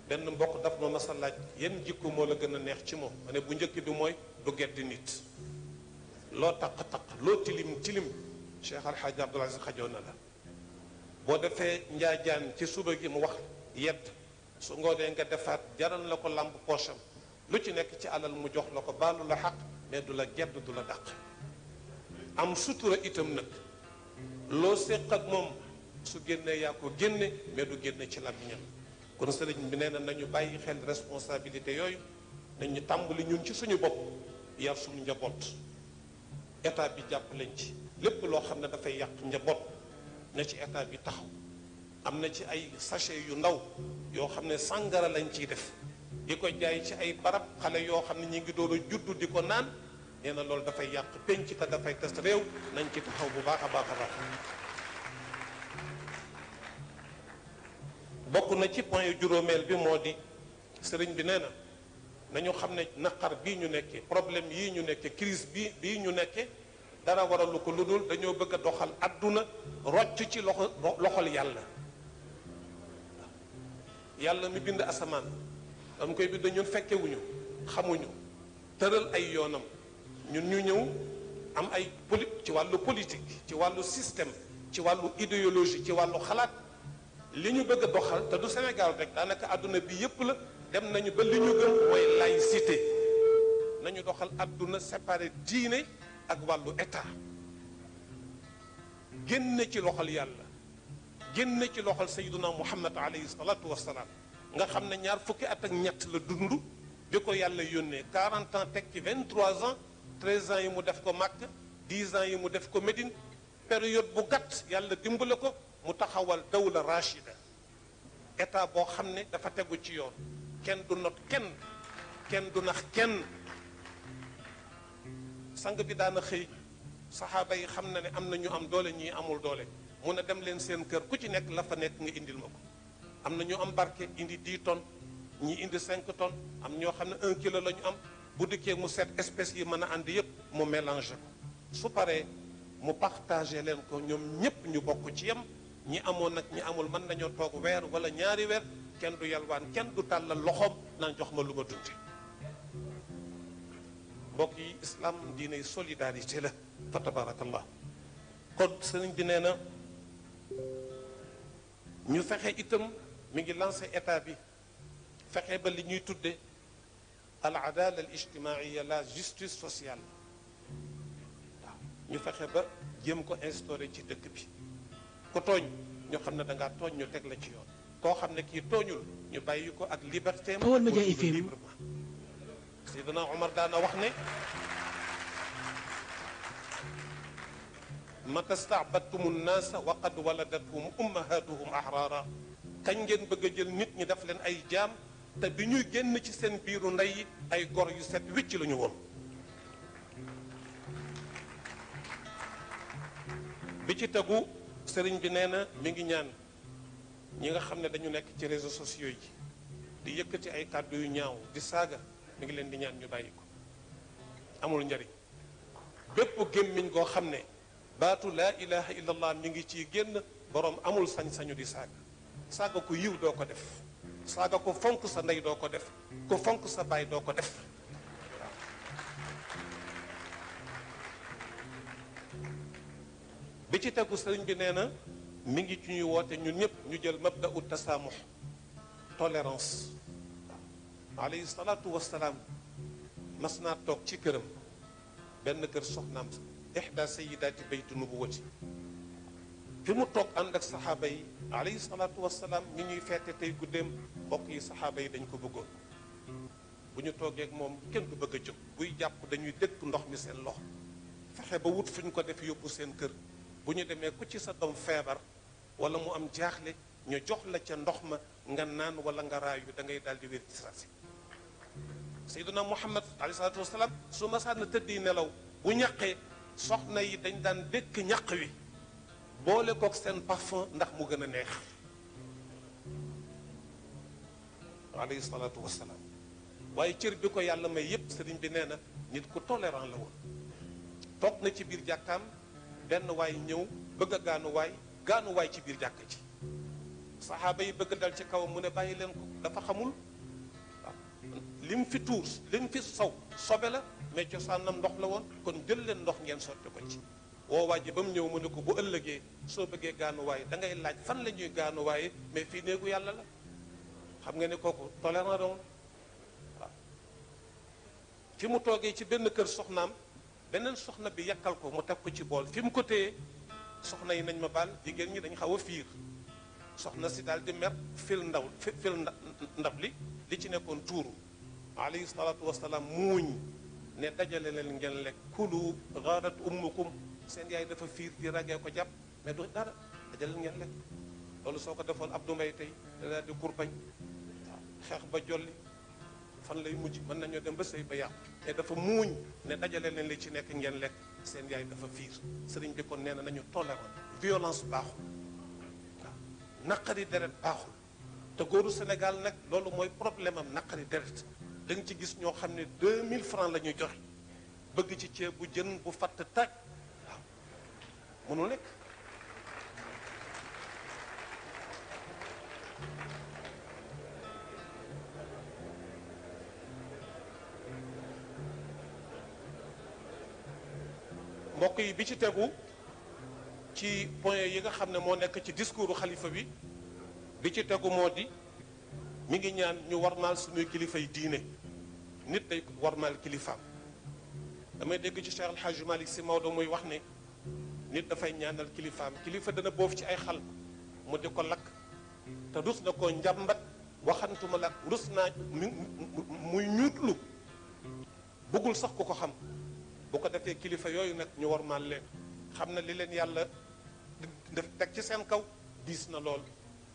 benn mbokk daf ma masa laaj yenn jikku moo la gën a neex ci moom ma ne bu njëkk bi mooy du geddi nit loo taq-taq loo tilim tilim Cheikh El Hadj Aziz xajoo na la boo defee njaajaan ci suba gi mu wax yedd su ngoonee nga defaat jaral la ko làmb poosam lu ci nekk ci alal mu jox la ko baalu la xaq mais du la gedd du la dàq am sutura itam nag loo séq ak moom su génnee yaa ko génne mais du génne ci làmmiñam kon sëriñ bi nee na nañu bàyyi xel responsabilité yooyu ñu tàmbali ñun ci suñu bopp yar suñu njaboot état bi jàpp lañ ci lépp loo xam ne dafay yàq njaboot na ci état bi taxaw am na ci ay sachet yu ndaw yoo xam ne sàngara lañ ciy def di ko jaay ci ay barab xale yoo xam ne ñu ngi doon a juddu di ko naan nee na loolu dafay yàq penc te dafay tas réew nañ ci taxaw bu baax a baax baax bokk na ci point yu juróomeel bi moo di sëriñ bi nee na nañu xam ne naqar bii ñu nekkee problème yi ñu nekkee crise bi bii ñu nekkee dara waralu ko lu dul dañoo bëgg a doxal adduna rocc ci loxo loxol yàlla yàlla mi bind asamaan dama koy bind ñun fekkewuñu xamuñu tëral ay yoonam ñun ñu ñëw am ay poli ci wàllu politique ci wàllu système ci wàllu idéologie ci wàllu xalaat li ñu bëgg a doxal te du Sénégal rek daanaka àdduna bi yépp la dem nañu ba li ñu gëm mooy laïcité nañu doxal àdduna séparé diine ak wàllu état génn ci loxol yàlla génn ci loxol sayyiduna muhammad alayhi salatu wasalaam nga xamné ñaar fukki at ak ñett la dundu diko yàlla yonne 40 ans tek ci 23 ans 13 ans yi mu def ko màkk 10 ans yi mu def ko médine période bu gàtt yàlla dimbal ko mu taxawal dawla rashida état bo xamné dafa teggu ci yoon kenn du not kenn kenn du nax kenn sang bi daana xëy sahaba yi xam ne amna ñu am doole ñi amul doole mu ne dem leen seen kër ku ci nekk la fa nekk nga indil ma ko am na ñu am barke indi 10 tonnes ñi indi 5 tonnes am ñoo xam ne 1 kilo la ñu am bu dikkee mu set espèces yi mën a ànd yëpp mu mélangé ko su paree mu partagé leen ko ñoom ñëpp ñu bokk ci yem ñi amoon nag ñi amul mën nañoo toog weer wala ñaari weer kenn du yalwaan kenn du tàllal loxoom naan jox ma lu ma dunde mbokk yi islam diine solidarité la fa tabarakallah kon sëriñ bi na ñu fexe itam mi ngi lancé état bi fexe ba li ñuy tudde al adala al ijtimaia la justice sociale ñu fexe ba jéem ko instauré ci dëkk bi ku tooñ ñu xam ne dangaa tooñ ñu teg la ci yoon koo xam ne kii tooñul ñu bàyyi ko ak liberté am librement Seydina Omar daana wax ne mata staabadtumu nnaasa wa qad waladathum ummahatuhum ahraara kañ ngeen bëgg jël nit ñi daf leen ay jaam te bi ñuy génn ci seen biiru ndey ay gor yu set wicc lañu ñu woon bi ci tegu sëriñ bi nee na mi ngi ñaan ñi nga xam ne dañu nekk ci réseaux sociaux yi di yëkkati ay kàddu yu ñaaw di saaga mi ngi leen di ñaan ñu bàyyi ko amul njariñ bépp gémmiñ goo xam ne baatu laa ilaha illallah mi ngi ci génn boroom amul sañ-sañu di saaga saaga ko yiw doo ko def saaga ko fonk sa ndey doo ko def ko fonk sa baay doo ko def bi ci tegu sëriñ bi nee na mi ngi ci ñuy woote ñun ñëpp ñu jël mabda ut tasaamux tolérance alayhi salaatu wasalaam mas naa toog ci këram benn kër soxnaam احدى سيدات بيت نبوتي في متوك عندك صحابي عليه الصلاة والسلام من يفات تي قدام بقي صحابي دنكو بقول بني توك يك موم كن دو بغا جوك بوي جاب دنيو دك ندوخ مي سين لوخ فخه با ووت فين يوبو سين بني ديمي كو سي سا ولا مو ام جاخلي ني لا تي ندوخ ما nga nan wala nga rayu da ngay daldi wir tisrasi sayyiduna muhammad sallallahu alaihi wasallam suma sa na soxna yi dañ daan dëkk ñaq wi boole kook seen parfum ndax mu gën a neex alayhi salaatu wasalaam waaye cër bi ko yàlla may yépp sëriñ bi nee na nit ku tolérant la woon toog na ci biir jàkkaam benn waay ñëw bëgg a gaanu waay ci biir jàkk ci saxaaba yi bëgg dal ci kaw mu ne bàyyi leen ko dafa xamul li mu fi tuur li mu fi saw sobe la mais cosaanam ndox la woon kon jël leen ndox ngeen sotti ko ci woowaa ji ba mu ñëw mu ne ko bu ëllëgee soo bëggee gaanuwaay da ngay laaj fan la ñuy gaanuwaaye mais fii néegu yàlla la xam nga ne kooku tolérant doon waaw fi mu toogee ci benn kër soxnaam beneen soxna bi yàkkal ko mu teg ko ci bool fi mu ko téye soxna yi nañ ma baal jigéen ñi dañ xaw a fiir soxna si daal di mer fil ndaw fil ndab li li ci nekkoon tuuru alayhi salaatu wasalaam muuñ ne dajale leen ngeen lekk kulu gaarat ummukum seen yaay dafa fiir di ragee ko jàpp mais du dara dajale leen ngeen lekk loolu soo ko defoon Abdou Mbaye tey dana di ba jolli fan lay mujj mën nañoo dem ba sëy ba yàqu dafa muuñ ne dajale leen li ci nekk ngeen lekk seen yaay dafa fiir sëriñ bi kon nee na nañu tolérant violence baaxul waaw naqari deret baaxul te góoru Sénégal nag loolu mooy problème am naqari deret danga ci gis ñoo xam ne 2000 francs la ñuy joxe bëgg ci ceeb bu jën bu fatt tàkk waaw mënul nekk mbokk yi bi ci tegu ci point yi nga xam ne moo nekk ci discours xalifa bi bi ci tegu moo di mu ngi ñaan ñu war naal suñuy kilifa yi diine nit day mal kilifaam damay dégg ci Cheikh El Hadj Malick Sy Maodo muy wax ne nit dafay ñaanal kilifaam kilifa dana boof ci ay xal mu di ko lakk te rus na ko njàmbat waxantuma la rus naa muy ñuutlu bugul sax ku ko xam bu ko defee kilifa yooyu nag ñu warmaal leen xam na li leen yàlla def teg ci seen kaw diis na lool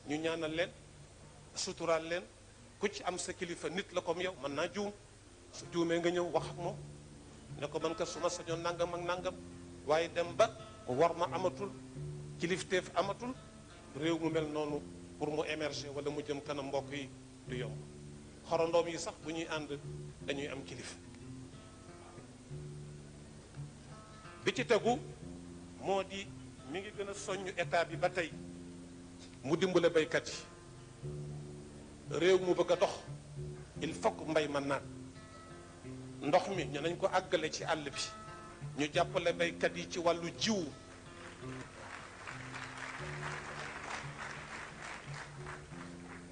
ñu ñaanal leen suturaal leen ku ci am sa kilifa nit la comme yow mën naa juum su juumee nga ñëw wax ak moom ne ko man kat su ma sañoon nangam ak nangam waaye dem ba war ma amatul kilifteef amatul réew mu mel noonu pour mu émerger wala mu jëm kanam mbokk yi du yomb xorandoom yi sax bu ñuy ànd dañuy am kilif bi ci tegu moo di mi ngi gën a soññ état bi ba tey mu dimbale baykat yi réew mu bëgg a dox il faut mbay man naat ndox mi ñu nañ ko àggale ci àll bi ñu jàppale baykat yi ci wàllu jiw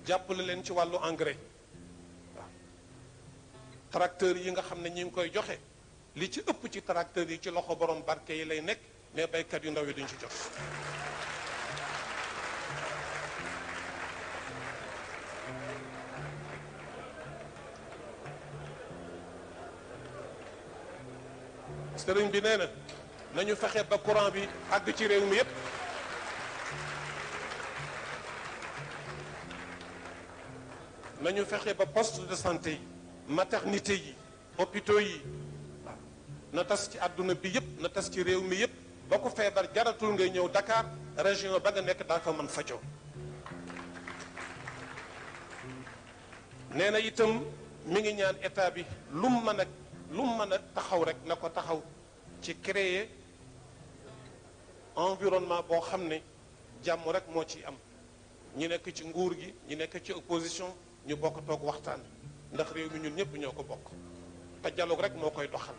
jàppale leen ci wàllu engrais waaw yi nga xam ne ñi ngi koy joxe li ci ëpp ci tracteur yi ci loxo borom barke yi lay nekk mais baykat yu ndaw yi duñ ci jot سرين بنانا نانيو فخيب با كوران بي حق تي ريو ميب نانيو فخيب با بوست دو سانتي ماتيرنيتي يي اوبيتو يي نتاس تي ادونا بي ييب نتاس تي ريو مي ييب باكو فيبر جاراتول غي نيو داكار ريجيون باغا نيك داكا مان فاتيو نينا يتم ميغي نيان ايتا بي لوم مانك lu mën a taxaw rek na ko taxaw ci créer environnement boo xam ne jàmm rek moo ci am ñu nekk ci nguur gi ñu nekk ci opposition ñu bokk toog waxtaan ndax réew mi ñun ñëpp ñoo ko bokk te dialogue rek moo koy doxal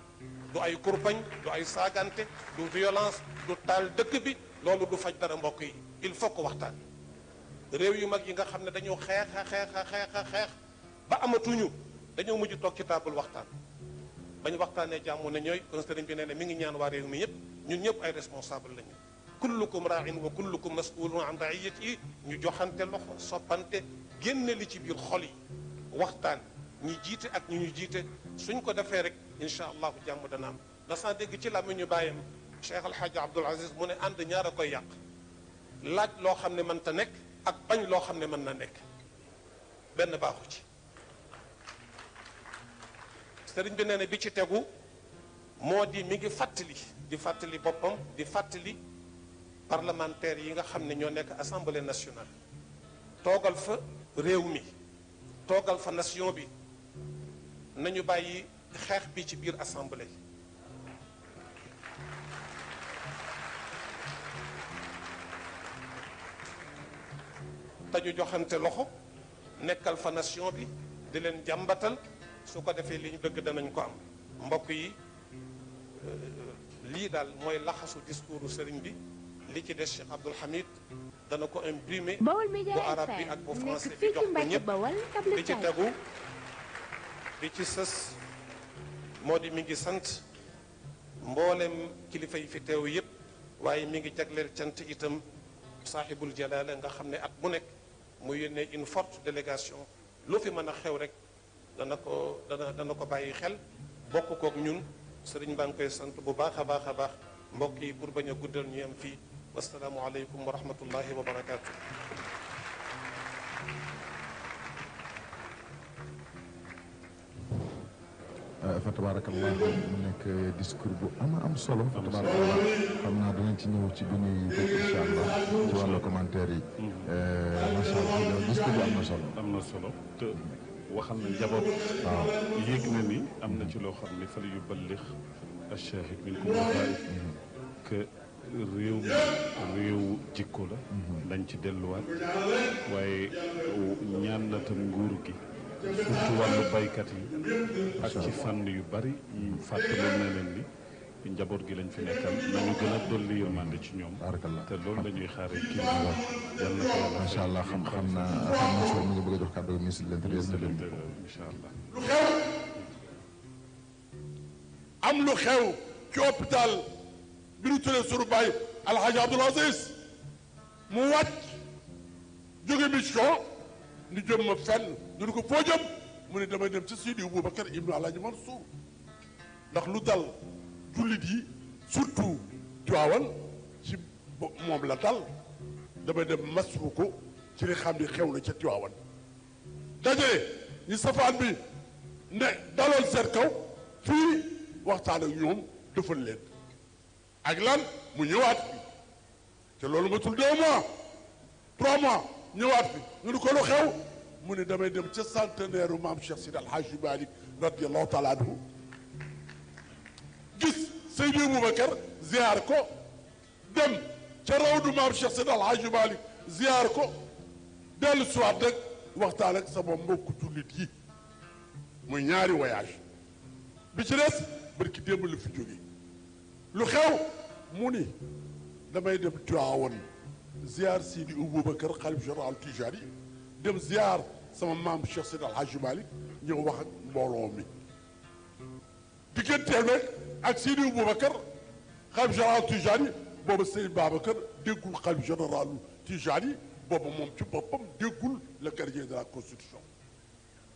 du ay kurpañ du ay saagante du violence du taal dëkk bi loolu du faj dara mbokk yi il faut que waxtaan réew yu mag yi nga xam ne dañoo xeex xeex xeex xeex ba amatuñu dañoo mujj toog ci table waxtaan bañ waxtaanee jàmm ne ñooy kon sëriñ bi nee na mi ngi ñaan waa réew mi ñëpp ñun ñëpp ay responsable lañu kullukum raain wa kullukum masulun an raiyati ñu joxante loxo soppante génne li ci biir xol yi waxtaan ñu jiite ak ñu ñu jiite suñ ko defee rek incha allahu jàmm dana am dasaa dégg ci làmmiñ ñu bàyyam cheikh alxaaji abdul aziz mu ne ànd ñaar a koy yàq laaj loo xam ne mën ta nekk ak bañ loo xam ne mën na nekk benn baaxu ci sëriñ bi nee na bi ci tegu moo di mi ngi fàttali di fàttali boppam di fàttali parlementaire yi nga xam ne ñoo nekk assemblée nationale toogal fa réew mi toogal fa nation bi nañu bàyyi xeex bi ci biir assemblée te ñu joxante loxo nekkal fa nation bi di leen jàmbatal su ko defee li ñu bëgg danañ ko am mbokk yi lii daal mooy laxasu discours sëriñ bi li ci des Cheikh Abdoul Hamid dana ko imprimer bu arab bi ak bu français bi jox ko ñëpp li ci tegu li ci sës moo di mi ngi sant mboolem kilifa yi fi teew yëpp waaye mi ngi jagleel cant itam saaxibul jalaala nga xam ne at bu nekk mu yónnee une forte délégation lu fi mën a xew rek dana ko dana dana ko bàyyi xel bokk koog ñun sëriñ baa ngi koy sant bu baax a baax a baax mbokk yi pour bañ a guddal ñu yem fii wasalaamualeykum wa rahmatullahi wa barakaatu. Euh, fa tabarakallah mu discours bu ama am solo fa tabarakallah xam naa ci ñëw ci bi ñuy allah ci wàllu commentaire yi. Mm-hmm. Euh, macha allah discours bu am na solo. am na solo te. waxal na njaboot. waaw yéeg na ni am na ci loo xam ne fële yu bëllix achahid min ko que réew mi réew jikko la. dañ mhm. ci delluwaat. waaye ñaan na nguur gi. surtout wàllu baykat yi. ak ci fànn yu bari. fàttali na leen ni. في نجابور جيلن في نكال ما نقول الدول لي يوم عندك نيوم بارك الله تلون لن يخاري كيلن ما شاء الله خم خمنا خم نشور من يبغي دوحك عبدو ميس اللي انتريز دلين ما شاء الله لخو أم لخو كيوبتال بريتولي سورباي الحاج عبد العزيز موات جوغي ميشو نجم مفن نركو فوجم من دمي دم سيدي ابو ابن الله جمال سو ndax lu jullit yi surtout Tiwaawan ci moom la dal damay dem masu ko ci li xam ni xew na ca Tiwaawan dajale ñu safaan bi ne daloon seen kaw fii waxtaan ak ñoom defal leen ak lan mu ñëwaat fi te loolu matul deux mois trois mois ñëwaat fi ñu ni ko lu xew mu ne damay dem ca centenaire u maam Cheikh Sidi Alhaji Malick radiallahu taala anhu gis Seydi Aboubacar ziar ko dem ca rawdu maam Cheikh Seydi Alhaji Malick ziar ko dellu siwaat rek waxtaan ak sama mbokku jullit yi muy ñaari voyage bi ci des barki démb la fi jóge lu xew mu ni damay dem Tiwaawan ziar Seydi Aboubacar xalif général Tijani dem ziar sama maam Cheikh Seydi Alhaji Malick ñëw wax ak mbooloo mi digganteel rek عكسيني أبو بكر خاب جرال تجاني بوب السيد ابو بكر ديقول خاب جرال بوب موم تي بوبم لا بابا ممشي لا ديقول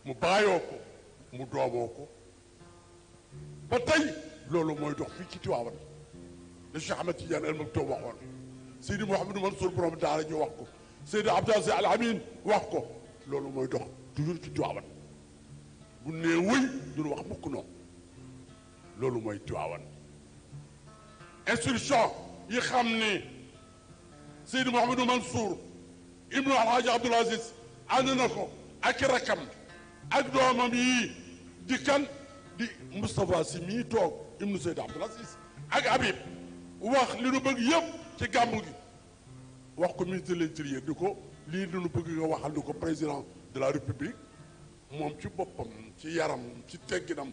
مو بايوكو مو مبايوكو با تاي لولو موي دوخ في تي تواور الشيخ احمد تيجان ال مكتوب واخون سيدي محمد منصور بروم ني واخكو سيدي عبد العزيز العمين واخكو لولو موي دوخ toujours تي تواور بو نيوي دون واخ بوكو نو lolu moy Tiwaawan instruction yi xamni ni Seydi Mansour ibnu Alhaji Abdoul Aziz ànd ko ak rakam ak domam yi di kan di Moustapha simi tok ibnu Seydi Abdoul Aziz ak Habib wax li nu bëgg yëpp ci gàmmu gi wax ko ministre de l'intérieur diko li nu bëgg nga waxal di ko président de la république mom ci bopam ci yaram ci tegginam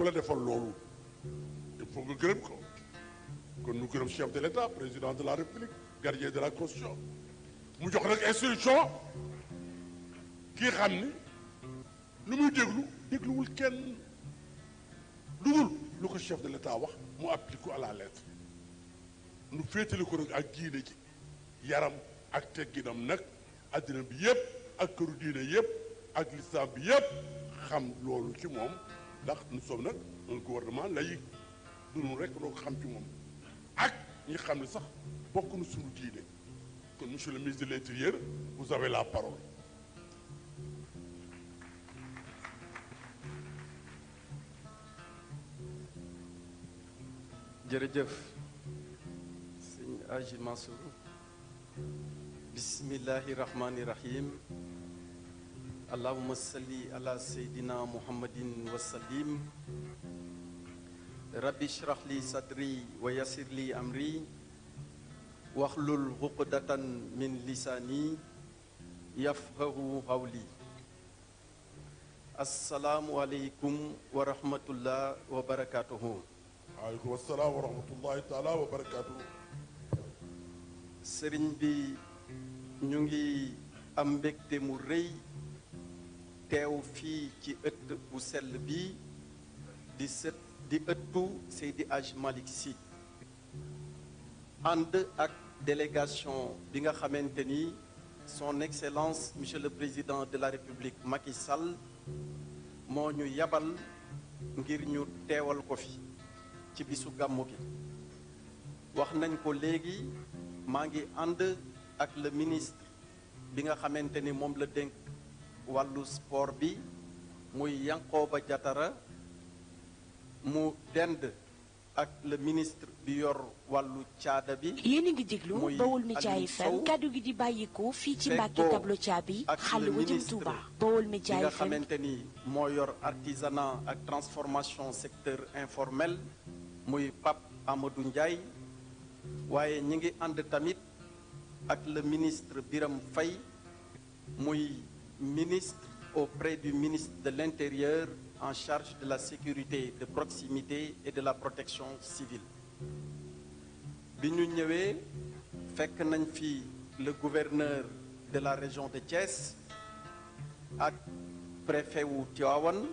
ku defal loolu il faut que gërëm ko kon ñu gërëm chef de l'État président de la République gardien de la constitution mu jox nag institution kii xam ni lu muy déglu dégluwul kenn dugul lu ko chef de l'État wax mu applique à la lettre nu féetali ko nag ak diine ji yaram ak tegginam nag addina bi yëpp ak këru diine yëpp ak lislaam bi yëpp xam loolu ci moom nous sommes un gouvernement laïque Nous nu rek noo ko xam ci nous, ak ñi xam sax bokk na suñu diine kon monsieur le ministre de l'intérieur vous avez la parole. jërëjëf sëñ Aji Mansour bismillahi rahim. اللهم صل على سيدنا محمد وسلم ربي اشرح لي صدري ويسر لي امري واحلل عقدة من لساني يفقه قولي السلام عليكم ورحمة الله وبركاته عليكم السلام ورحمة الله تعالى وبركاته سرين بي نيونغي am mbégte mu rëy teew qui ci eut bu sel bi di sët di ëttu Seydi Hadj Malick Sy ak délégation bi nga xamanteni son excellence monsieur le président de la république Macky Sall mo ñu yabal ngir ñu téwal ko fi ci bisu gamu gi wax nañ ko légui ma ngi and ak le ministre bi nga xamanteni mom moom la wàllu sport bi muy yankoba Diattara mu dend ak le ministre bi yor wàllu tiada bi. yene a diglu bawul Baol Média FM kaddu gi di bayiko fi ci mbacke tablo tiabi xàll wa jëm Touba. Baol Média FM nga xamante ni yor artisanat ak transformation secteur informel muy Pape Amadou ndjay waye ñi ngi and tamit ak le ministre biram fay muy ministre auprès du ministre de l'Intérieur en charge de la sécurité de proximité et de la protection civile. bi ñu le gouverneur de la région de Thiès le préfet ou Tivaouane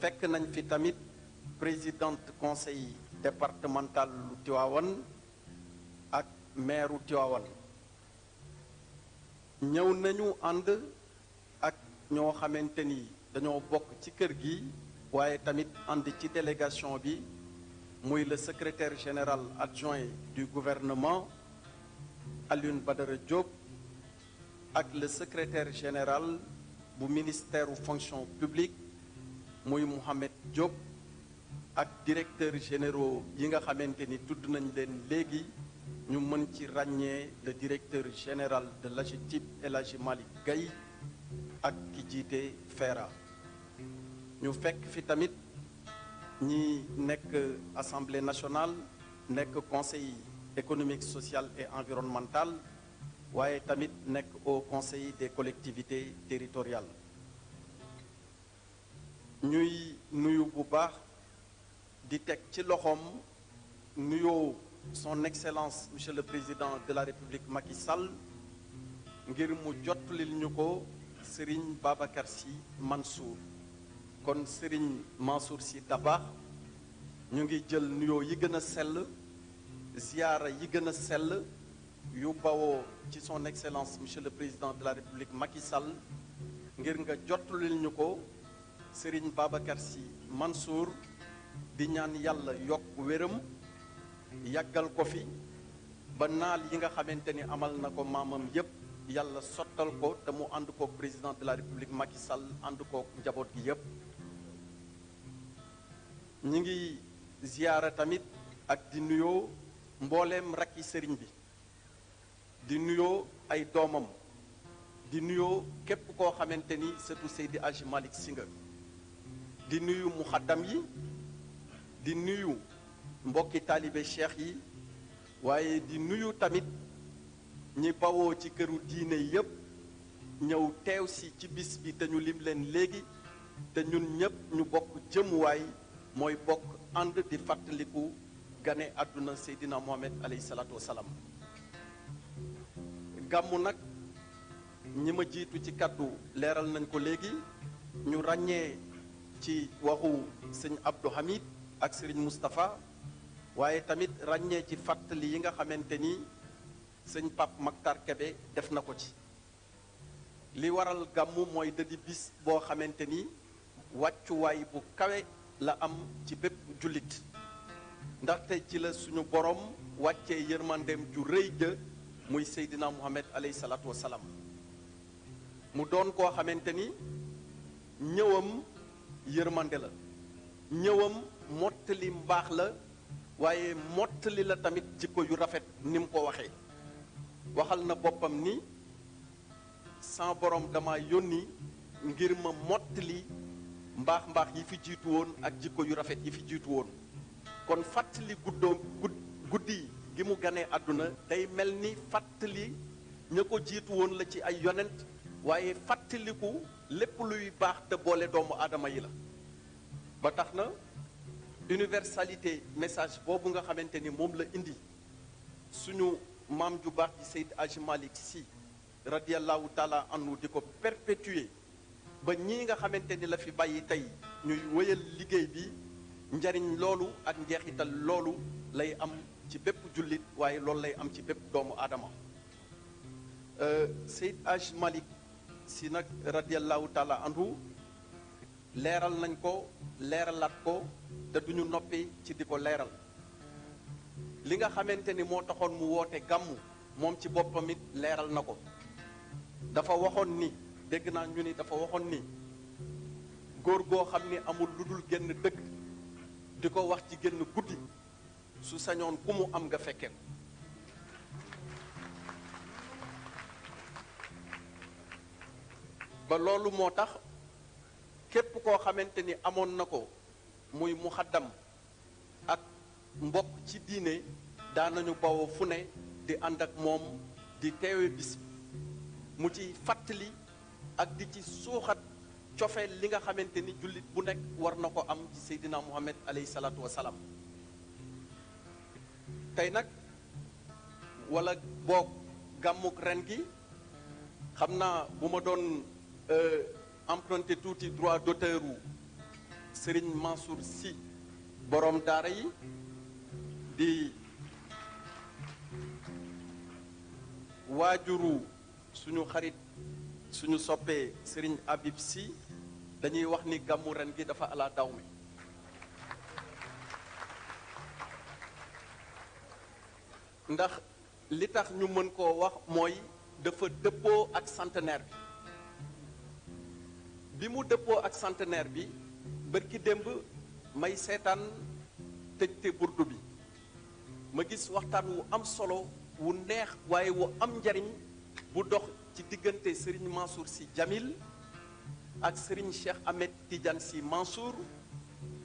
fekk nañ présidente conseil départemental de et le maire de ñew nañu and ak ño xamanteni dañu bok ci kër gi waye tamit and ci délégation bi muy le secrétaire général adjoint du gouvernement Alioune Badara Diop ak le secrétaire général du ministère fonction publique muy Mohamed Diop ak Directeur généraux yi nga xamanteni ni tudd nañ len légui nous mën le directeur général de l'AGTIP et Hadji Malick Gaye ak FERA Nous fekk fi tamit ñi l'Assemblée assemblée nationale du conseil économique social et environnemental et tamit au conseil des collectivités territoriales nous nuyu bu baax di le ci son excellence monsieur le président de la république Macky Sall ngir mu jotulil ñuko Serigne Babacar si Mansour kon Serigne Mansour si Dabakh ñu ngi jël nuyo yi gëna sel sell yi gëna sel yu bawo ci son excellence monsieur le président de la république Macky Sall ngir nga jotulil ñuko Serigne Babacar si Mansour di ñaan yalla yok yàggal ko fi ba naal yi nga xamante ni amal na ko maamam yépp yàlla sottal ko te mu ànd kook président de la république Macky Sall ànd kook njaboot gi yépp ñi ngi ziyaara tamit ak di nuyoo mbooleem rakki sëriñ bi di nuyoo ay doomam di nuyoo képp koo xamante ni sëtu Seydi Hadji Malick Sy nga di nuyu muxaddam yi di nuyu mbokki taalibe cheikh yi waaye di nuyu tamit ñi bawoo ci këru diine yépp ñëw teew si ci bis bi te ñu lim leen léegi te ñun ñépp ñu bokk jëmuwaay mooy bokk ànd di fàttaliku gane àdduna seydina mohamed alayhi salaatu wasalaam gàmmu nag ñi ma jiitu ci kàddu leeral nañ ko léegi ñu ràññee ci waxu sëñ abdou hamid ak sëriñ moustapha waaye tamit ràññee ci fàttali yi nga xamante ni sëñ Pape Mactar Kébé def na ko ci li waral gàmmu mooy dëdi bis boo xamante ni wàccuwaay bu kawe la am ci bépp jullit ndaxte ci la suñu borom wàccee yërmandeem ju rëy ja muy Seydina Muhammad alayhi salaatu wa salaam mu doon koo xamante ni ñëwam yërmande la ñëwam mottali mbaax la waaye mottali la tamit jikko yu rafet ni mu ko waxee waxal na boppam ni sans borom dama yónni ngir ma mottali mbaax mbaax yi fi jiitu woon ak jikko yu rafet yi fi jiitu woon kon fàttali guddoo guddi gi mu ganee àdduna day mel ni fàttali ña ko jiitu woon la ci ay yonent waaye fàttaliku lépp luy baax te boole doomu aadama yi la ba tax na universalité message boobu nga xamante ni moom la indi suñu maam ju baax ji Seyd Aji Malick Sy radiallahu taala anhu di ko perpétuer ba ñii nga xamante ni la fi bàyyi tey ñuy wéyal liggéey bi njariñ loolu ak njeexital loolu lay am ci bépp jullit waaye loolu lay am ci bépp doomu aadama euh, Seyd Aji Malick Sy nag radiallahu taala anhu leeral nañ ko leeralaat ko te duñu noppee ci di ko leeral li nga xamante ni moo taxoon mu woote gàmmu moom ci boppam leeral na ko dafa waxoon ni dégg naa ñu ni dafa waxoon ni góor goo xam ni amul lu dul génn dëkk di ko wax ci génn guddi su sañoon ku mu am nga fekke ko ba loolu moo tax képp koo xamante ni amoon na ko muy muxaddam ak mbokk ci diine daanañu bawoo fu ne di ànd ak moom di teewe bis mu ci fàttali ak di ci suuxat cofeel li nga xamante ni jullit bu nekk war na ko am ci seydina muhammad alayhi salaatu tey nag wala boog gàmmuk ren gi xam naa bu ma doon euh, tout les droit d'auteur ou Serigne Mansour Si, borom daara yi di waajuru suñu xarit suñu Sopé, Serigne Habib Sy dañuy wax ni gàmmu ren gi dafa ala daw ndax li tax ñu mën ko wax moy dafa dépôt ak centenaire bi mu dëppoo ak centenaire bi bërki démb may seetaan tëjte burdu bi ma gis waxtaan wu am solo wu neex waaye wu am njariñ bu dox ci diggante sëriñ Mansour Sy jamil ak sëriñ Cheikh Ahmed Tidiane Sy Mansour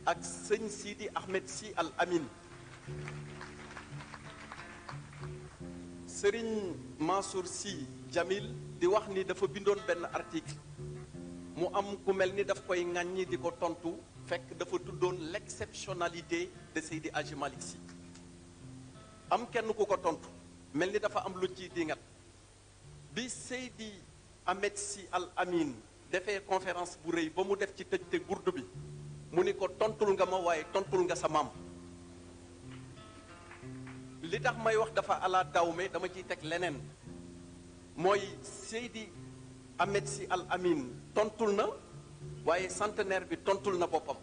ak sëñ Sidi Ahmed Sy Al Amin Serigne Mansour Sy Djamil di wax ni dafa bindoon benn article mu am ku mel ni daf koy ŋàññi di ko tontu fekk dafa tuddoon l'exceptionnalité de Seydi Hadji Malick si am kenn ku ko tontu mel ni dafa am lu ci dingat bi Seydi Ahmed Sy Al Amin defee conférence bu rëy ba mu def ci te bi mu ni tontul nga ma waaye tontul nga sa maam li may wax ala Ahmed Sy Al Amin tontul na waaye centenaire bi tontul na boppam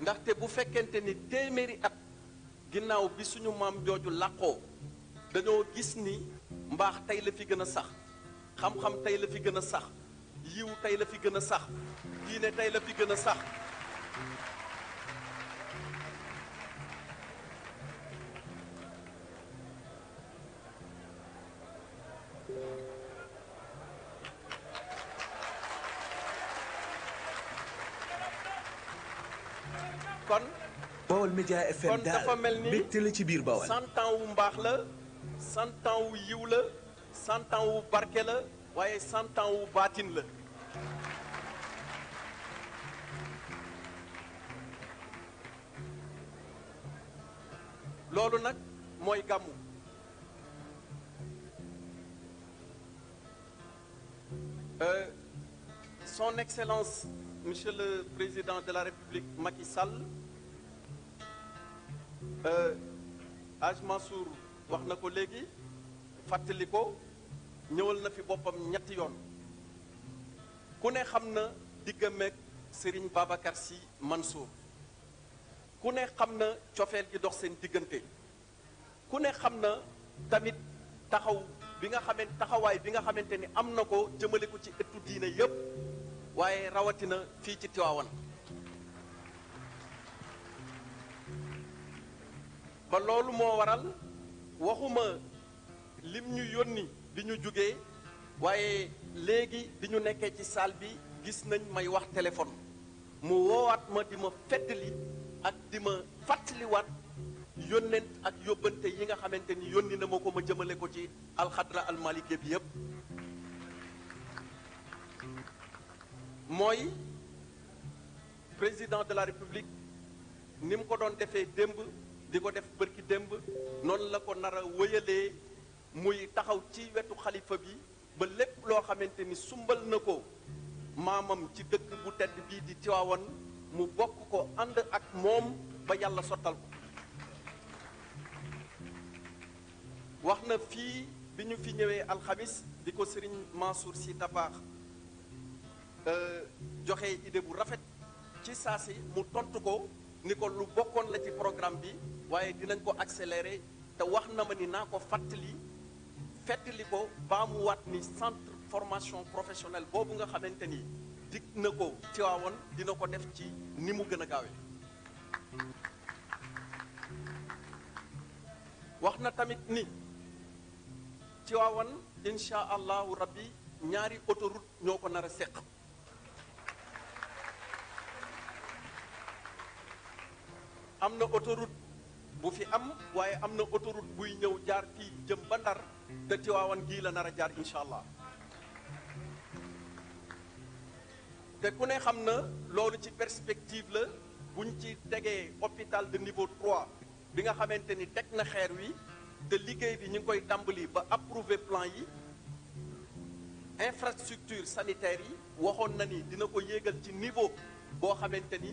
ndaxte bu fekkente ni téeméeri at ginnaaw bi suñu maam jooju làqoo dañoo gis ni mbaax tey la fi gën a sax xam-xam tey la fi gën a sax yiw tey la fi gën a sax diine tey la fi gën a sax Média FM daal kon la ci biir Bawal. cent ans wu la ans wu yiw la ans wu barke la waaye cent ans wu baatin la. loolu nag mooy gàmmu euh, son excellence monsieur le président de la république Macky Sall. Euh, Aj Mansour wax na ko léegi fàttali ko ñëwal na fi boppam ñetti yoon ku ne xam na diggameeg Serigne Babacar Sy Mansour ku ne xam na cofeel gi dox seen diggante ku ne xam na tamit taxaw bi nga xamante taxawaay bi nga xamante ni am na ko jëmale ko ci ëttu diine yépp waaye rawatina fii ci Tiwaawan ba loolu moo waral waxuma lim ñu yónni di ñu jugee waaye léegi bi ñu nekkee ci salle bi gis nañ may wax téléphone mu woowaat ma di ma feddali ak di ma fàttaliwaat yónnent ak yóbbante yi nga xamante ni yónni na ma ko ma jëmale ko ci alxadra almalike bi yépp mooy président de la république ni mu ko doon defee démb di ko def bërki démb noonu la ko nara a muy taxaw ci wetu xalifa bi ba lépp loo xamante ni sumbal na ko maamam ci dëkk bu tedd bii di Tiwaawan mu bokk ko ànd ak moom ba yàlla sottal ko wax na fii bi ñu fi ñëwee alxamis di ko sëriñ Mansour si tabaax euh, joxe idée bu rafet ci saa si mu tontu ko ni ko lu bokkoon la ci programme bi waaye dinañ ko accélérer te wax na ma ni naa ko fàttali fàttali ko baa mu waat ni centre formation professionnelle boobu nga xamante ni dig na ko Tiwaawan dina ko def ci ni mu gën a gaawee wax na tamit ni Tiwaawan insha allahu rabbi ñaari autoroute ñoo ko nar a seq am na autoroute bu fi am waaye am na autoroute buy ñëw jaar fii jëm ba Ndar te Tiwaawan gii la nar a jaar incha allah te ku ne xam na loolu ci perspective la buñ ci tegee hôpital de niveau 3 bi nga xamante ni teg na xeer wi te liggéey bi ñu ngi koy tàmbali ba approuver plan yi infrastructure sanitaire yi waxoon na ni dina ko yéegal ci niveau boo xamante ni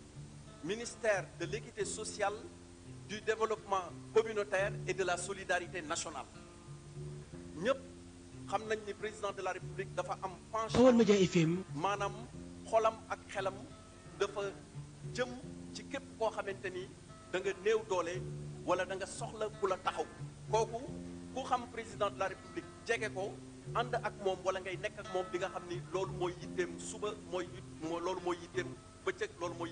ministère de l'équité sociale, du développement communautaire et de la solidarité nationale. Nous xam nañ ni président de la république dafa am penchant Manam, FM maanaam xolam ak xelam dafa jëm ci képp koo xamante ni da nga néew doole wala da nga soxla ku la taxaw kooku ku xam président de la république jege ko and ak mom wala ngay nek ak mom bi nga xam ni loolu mooy yitteem suba mooy loolu mooy yitteem bëccëg loolu mooy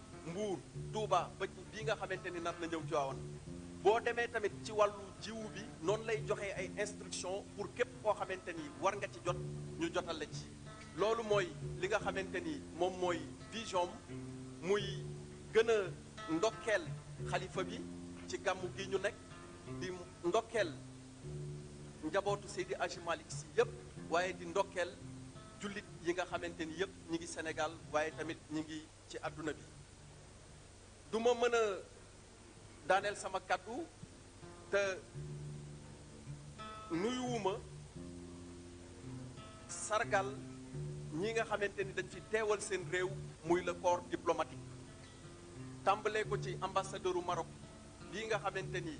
Mbuur Touba ba bii nga xamante ni nar na ñëw Tiwaawan boo demee tamit ci wàllu jiw bi noonu lay joxee ay instruction pour képp koo xamante ni war nga ci jot ñu jotale ci loolu mooy li nga xamante ni moom mooy vision muy gën a ndokkeel xalifa bi ci gàmmu gi ñu nekk di ndokkeel njabootu Seydi Aji Malick si yëpp waaye di ndokkeel jullit yi nga xamante ni yëpp ñi ngi Sénégal waaye tamit ñi ngi ci àdduna bi du ma mën a daaneel sama kàddu te nuyuwuma sargal ñi nga xamante ni dañ fi teewal seen réew muy le corps diplomatique tàmbalee ko ci ambassadeur u Maroc bii nga xamante ni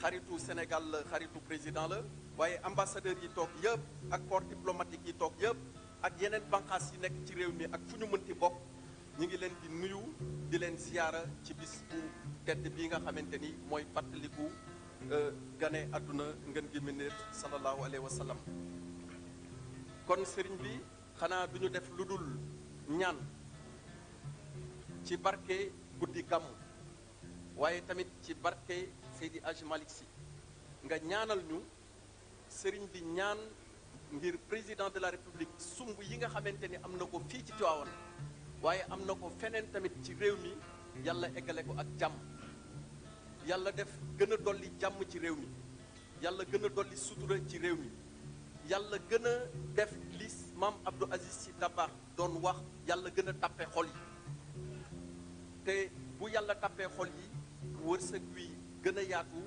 xaritu Sénégal la xaritu président la waaye ambassadeur yi toog yëpp ak koor diplomatique yi toog yëpp ak yeneen banqaas yi nekk ci réew mi ak fu ñu mënti bokk ñu ngi leen di nuyu di leen siyaara ci bis bu tedd bii nga xamante ni mooy fàttaliku euh, gane àdduna ngeen gi mindeef sallallahu alayhi wa sallam kon sëriñ bi xanaa du ñu def lu dul ñaan ci barke guddi gàmmu waaye tamit ci barke Seydi Hadji Malick Sy nga ñaanal ñu sëriñ bi ñaan ngir président de la république sumb yi nga xamante ni am na ko fii ci Tivaouane waaye am na ko feneen tamit ci réew mi yàlla eggale ko ak jàmm yàlla def gën a dolli jàmm ci réew mi yàlla gën a dolli sutura ci réew mi yàlla gën a def li maam Abdou Aziz Sy Dabakh doon wax yàlla gën a tàppe xol yi te bu yàlla tàppee xol yi wërsëg wi gën a yaatu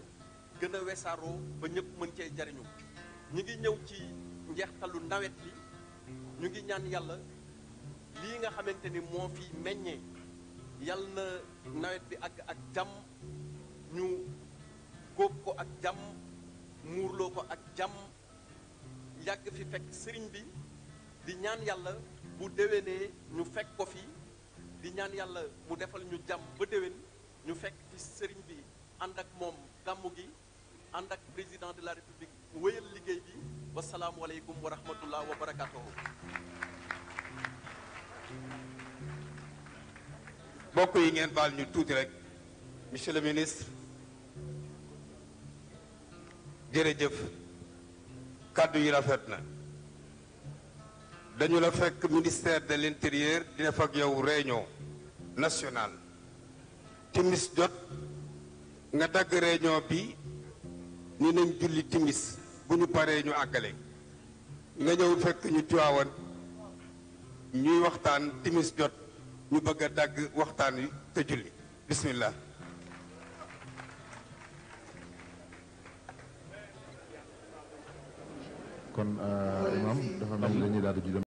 gën a wesaaroo ba ñëpp mën cee jariñu ñu ngi ñëw ci njeextalu nawet li ñu ngi ñaan yàlla lii nga xamante ni moo fi meññee yal na nawet bi àgg ak jàmm ñu góob ko ak jàmm muurloo ko ak jàmm yàgg fi fekk sëriñ bi di ñaan yàlla bu déwénee ñu fekk ko fi di ñaan yàlla mu defal ñu jàmm ba déwén ñu fekk fi sëriñ bi ànd ak moom gàmmu gi ànd ak président de la république wéyal liggéey bi wasalaamualeykum wa rahmatullah wa barakatuhu mbokk yi ngeen baal ñu tuuti rek monsieur le ministre jërëjëf kàddu yi rafet na dañu la fekk ministère de l'intérieur dina fa yow réunion nationale timis jot nga dagg réunion bi ni nañ julli timis bu ñu paree ñu àggale nga ñëw fekk ñu Tiwaawan ñuy waxtaan timis jot ñu bëgg a dagg waxtaan wi te julli bismillah kon euh, imam dafa